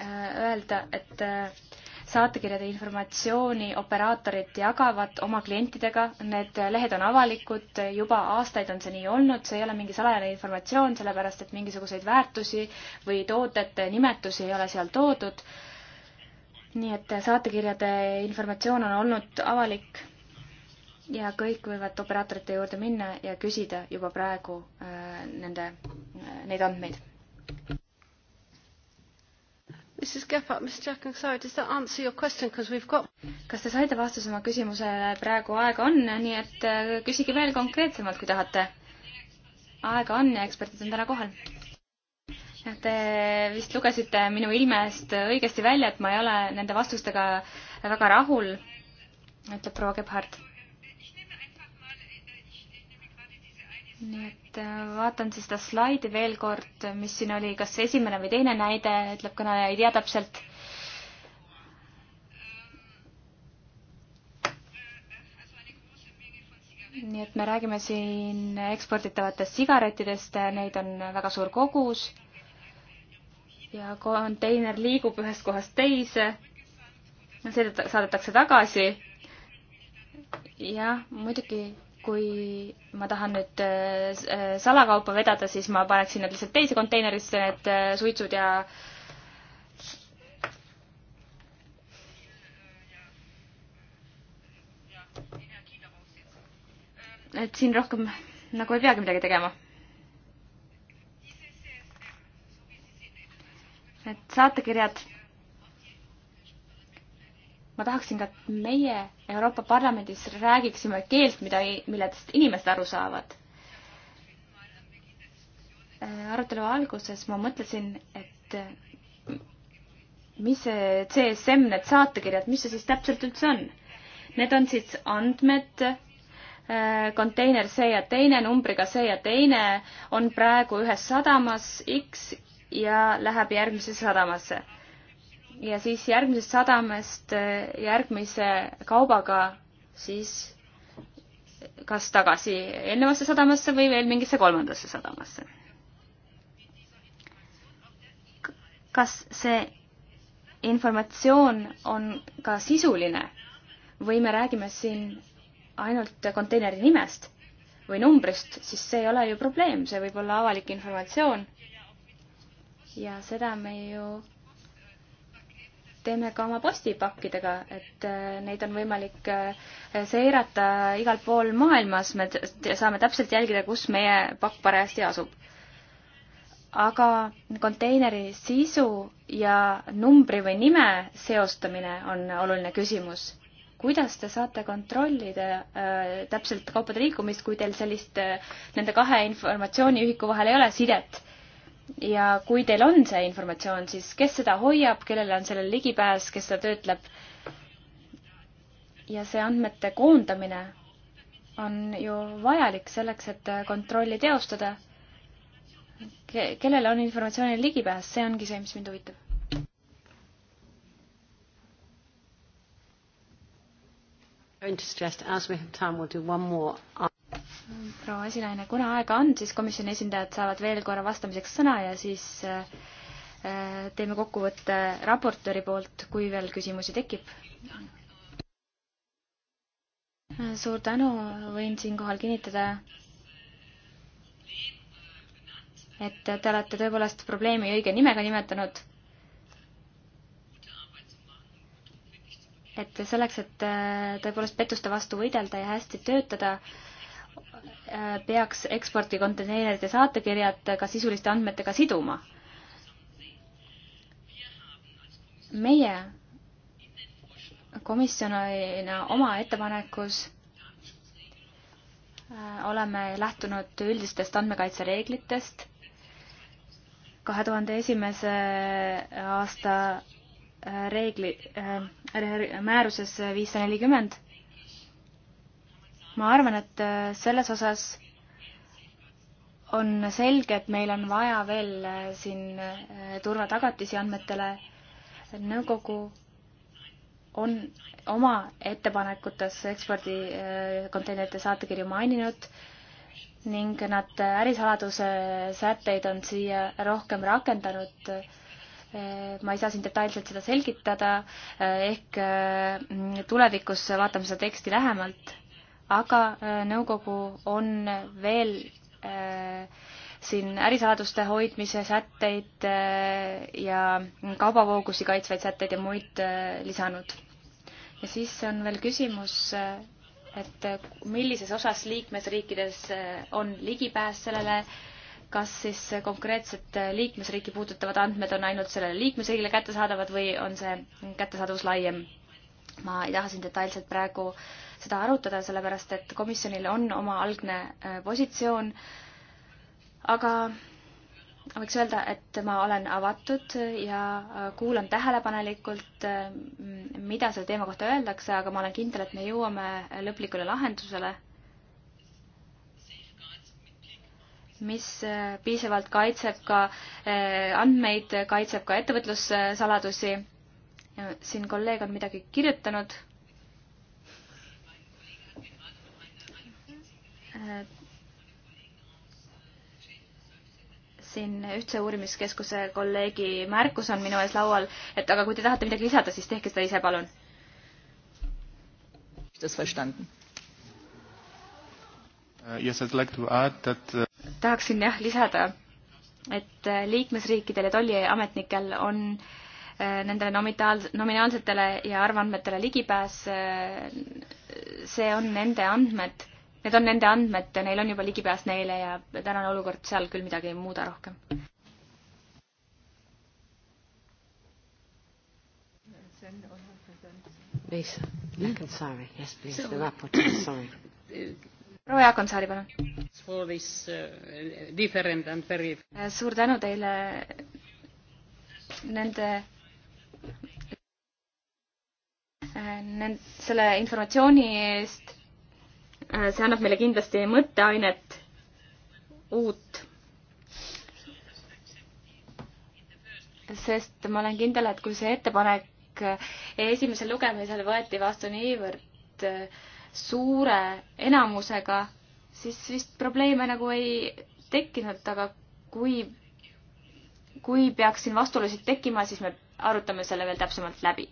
öelda, et saatekirjade informatsiooni operaatorid jagavad oma klientidega, need lehed on avalikud, juba aastaid on see nii olnud, see ei ole mingi salajane informatsioon, sellepärast et mingisuguseid väärtusi või toodete nimetusi ei ole seal toodud. nii et saatekirjade informatsioon on olnud avalik ja kõik võivad operaatorite juurde minna ja küsida juba praegu äh, nende äh,, neid andmeid. Got... kas te saite vastuse oma küsimusele, praegu aega on, nii et äh, küsige veel konkreetsemalt, kui tahate. aega on ja eksperdid on täna kohal. Te vist lugesite minu ilmest õigesti välja, et ma ei ole nende vastustega väga rahul, ütleb proua Gebhard nii et äh, vaatan siis seda slaidi veel kord, mis siin oli, kas esimene või teine näide, ütleb kõneleja, ei tea täpselt. nii et me räägime siin eksporditavatest sigarettidest, neid on väga suur kogus ja konteiner liigub ühest kohast teise, see saadetakse tagasi. jah, muidugi kui ma tahan nüüd äh, äh, salakaupa vedada, siis ma paneksin nad lihtsalt teise konteinerisse, need äh, suitsud ja et siin rohkem nagu ei peagi midagi tegema. et saatekirjad ma tahaksin ka, et meie Euroopa Parlamendis räägiksime keelt, mida, millest inimesed aru saavad. Äh, arutelu alguses ma mõtlesin, et äh, mis see CSM, need saatekirjad, mis see siis täpselt üldse on? Need on siis andmed, äh, konteiner see ja teine, numbriga see ja teine on praegu ühes sadamas X ja läheb järgmisesse sadamasse ja siis järgmisest sadamast äh, järgmise kaubaga siis kas tagasi eelnevasse sadamasse või veel mingisse kolmandasse sadamasse. kas see informatsioon on ka sisuline või me räägime siin ainult konteineri nimest või numbrist, siis see ei ole ju probleem, see võib olla avalik informatsioon. ja seda me ju teeme ka oma postipakkidega, et äh, neid on võimalik äh, seirata igal pool maailmas, me saame täpselt jälgida, kus meie pakk parajasti asub. aga konteineri sisu ja numbri või nime seostamine on oluline küsimus. kuidas te saate kontrollida äh, täpselt kaupade liikumist, kui teil sellist äh,, nende kahe informatsiooniühiku vahel ei ole sidet? ja kui teil on see informatsioon, siis kes seda hoiab, kellele on sellel ligipääs, kes seda töötleb? ja see andmete koondamine on ju vajalik selleks, et kontrolli teostada Ke. kellele on informatsioonil ligipääs, see ongi see, mis mind huvitab. Going to suggest as we have time we'll do one more proua esinaine, kuna aega on, siis komisjoni esindajad saavad veel korra vastamiseks sõna ja siis äh, teeme kokkuvõtte raportööri poolt, kui veel küsimusi tekib. suur tänu, võin siinkohal kinnitada, et te olete tõepoolest probleemi õige nimega nimetanud et selleks, et äh, tõepoolest pettuste vastu võidelda ja hästi töötada, peaks ekspordikonteneinerite saatekirjad ka sisuliste andmetega siduma. meie komisjonina oma ettepanekus äh, oleme lähtunud üldistest andmekaitsereeglitest. kahe tuhande esimese aasta äh, reegli, äh, määruses viissada nelikümmend ma arvan, et äh, selles osas on selge, et meil on vaja veel äh, siin äh, turvatagatisi andmetele. nõukogu on oma ettepanekutes ekspordikonteinerite saatekirju maininud ning nad ärisaladuse sätteid on siia rohkem rakendanud ma ei saa siin detailselt seda selgitada, ehk tulevikus vaatame seda teksti lähemalt aga äh, nõukogu on veel äh, siin ärisaladuste hoidmise sätteid äh, ja kaubavoogusi kaitsvaid sätteid ja muid äh, lisanud. ja siis on veel küsimus, äh, et äh, millises osas liikmesriikides on ligipääs sellele kas siis konkreetset liikmesriiki puudutavad andmed on ainult sellele liikmesriigile kättesaadavad või on see kättesaadavus laiem? ma ei taha siin detailselt praegu äh, seda arutada, sellepärast et komisjonil on oma algne äh, positsioon, aga võiks öelda, et ma olen avatud ja äh, kuulan tähelepanelikult, äh, mida selle teema kohta öeldakse, aga ma olen kindel, et me jõuame lõplikule lahendusele, mis piisavalt kaitseb ka andmeid, kaitseb ka ettevõtlussaladusi. siin kolleeg on midagi kirjutanud Äh, siin ühtse uurimiskeskuse kolleegi märkus on minu ees laual, et aga kui te tahate midagi lisada, siis tehke seda ise, palun. Uh, uh, tahaksin jah lisada, et äh, liikmesriikidel ja tolliametnikel on äh, nendele nominaal-, nominaalsetele ja arvandmetele ligipääs, see on nende andmed need on nende andmed, neil on juba ligipääs neile ja tänane olukord seal küll midagi ei muuda rohkem. Hmm? proua Jaakonsaari, palun. Uh, suur tänu teile nende äh, nend-, selle informatsiooni eest Äh, see annab meile kindlasti mõtteainet uut. sest ma olen kindel, et kui see ettepanek äh, esimesel lugemisel võeti vastu niivõrd äh, suure enamusega, siis vist probleeme nagu ei tekkinud, aga kui, kui peaks siin vastuolusid tekkima, siis me arutame selle veel täpsemalt läbi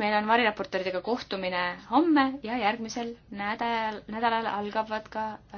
meil on variraportööridega kohtumine homme ja järgmisel nädal, nädalal algavad ka äh,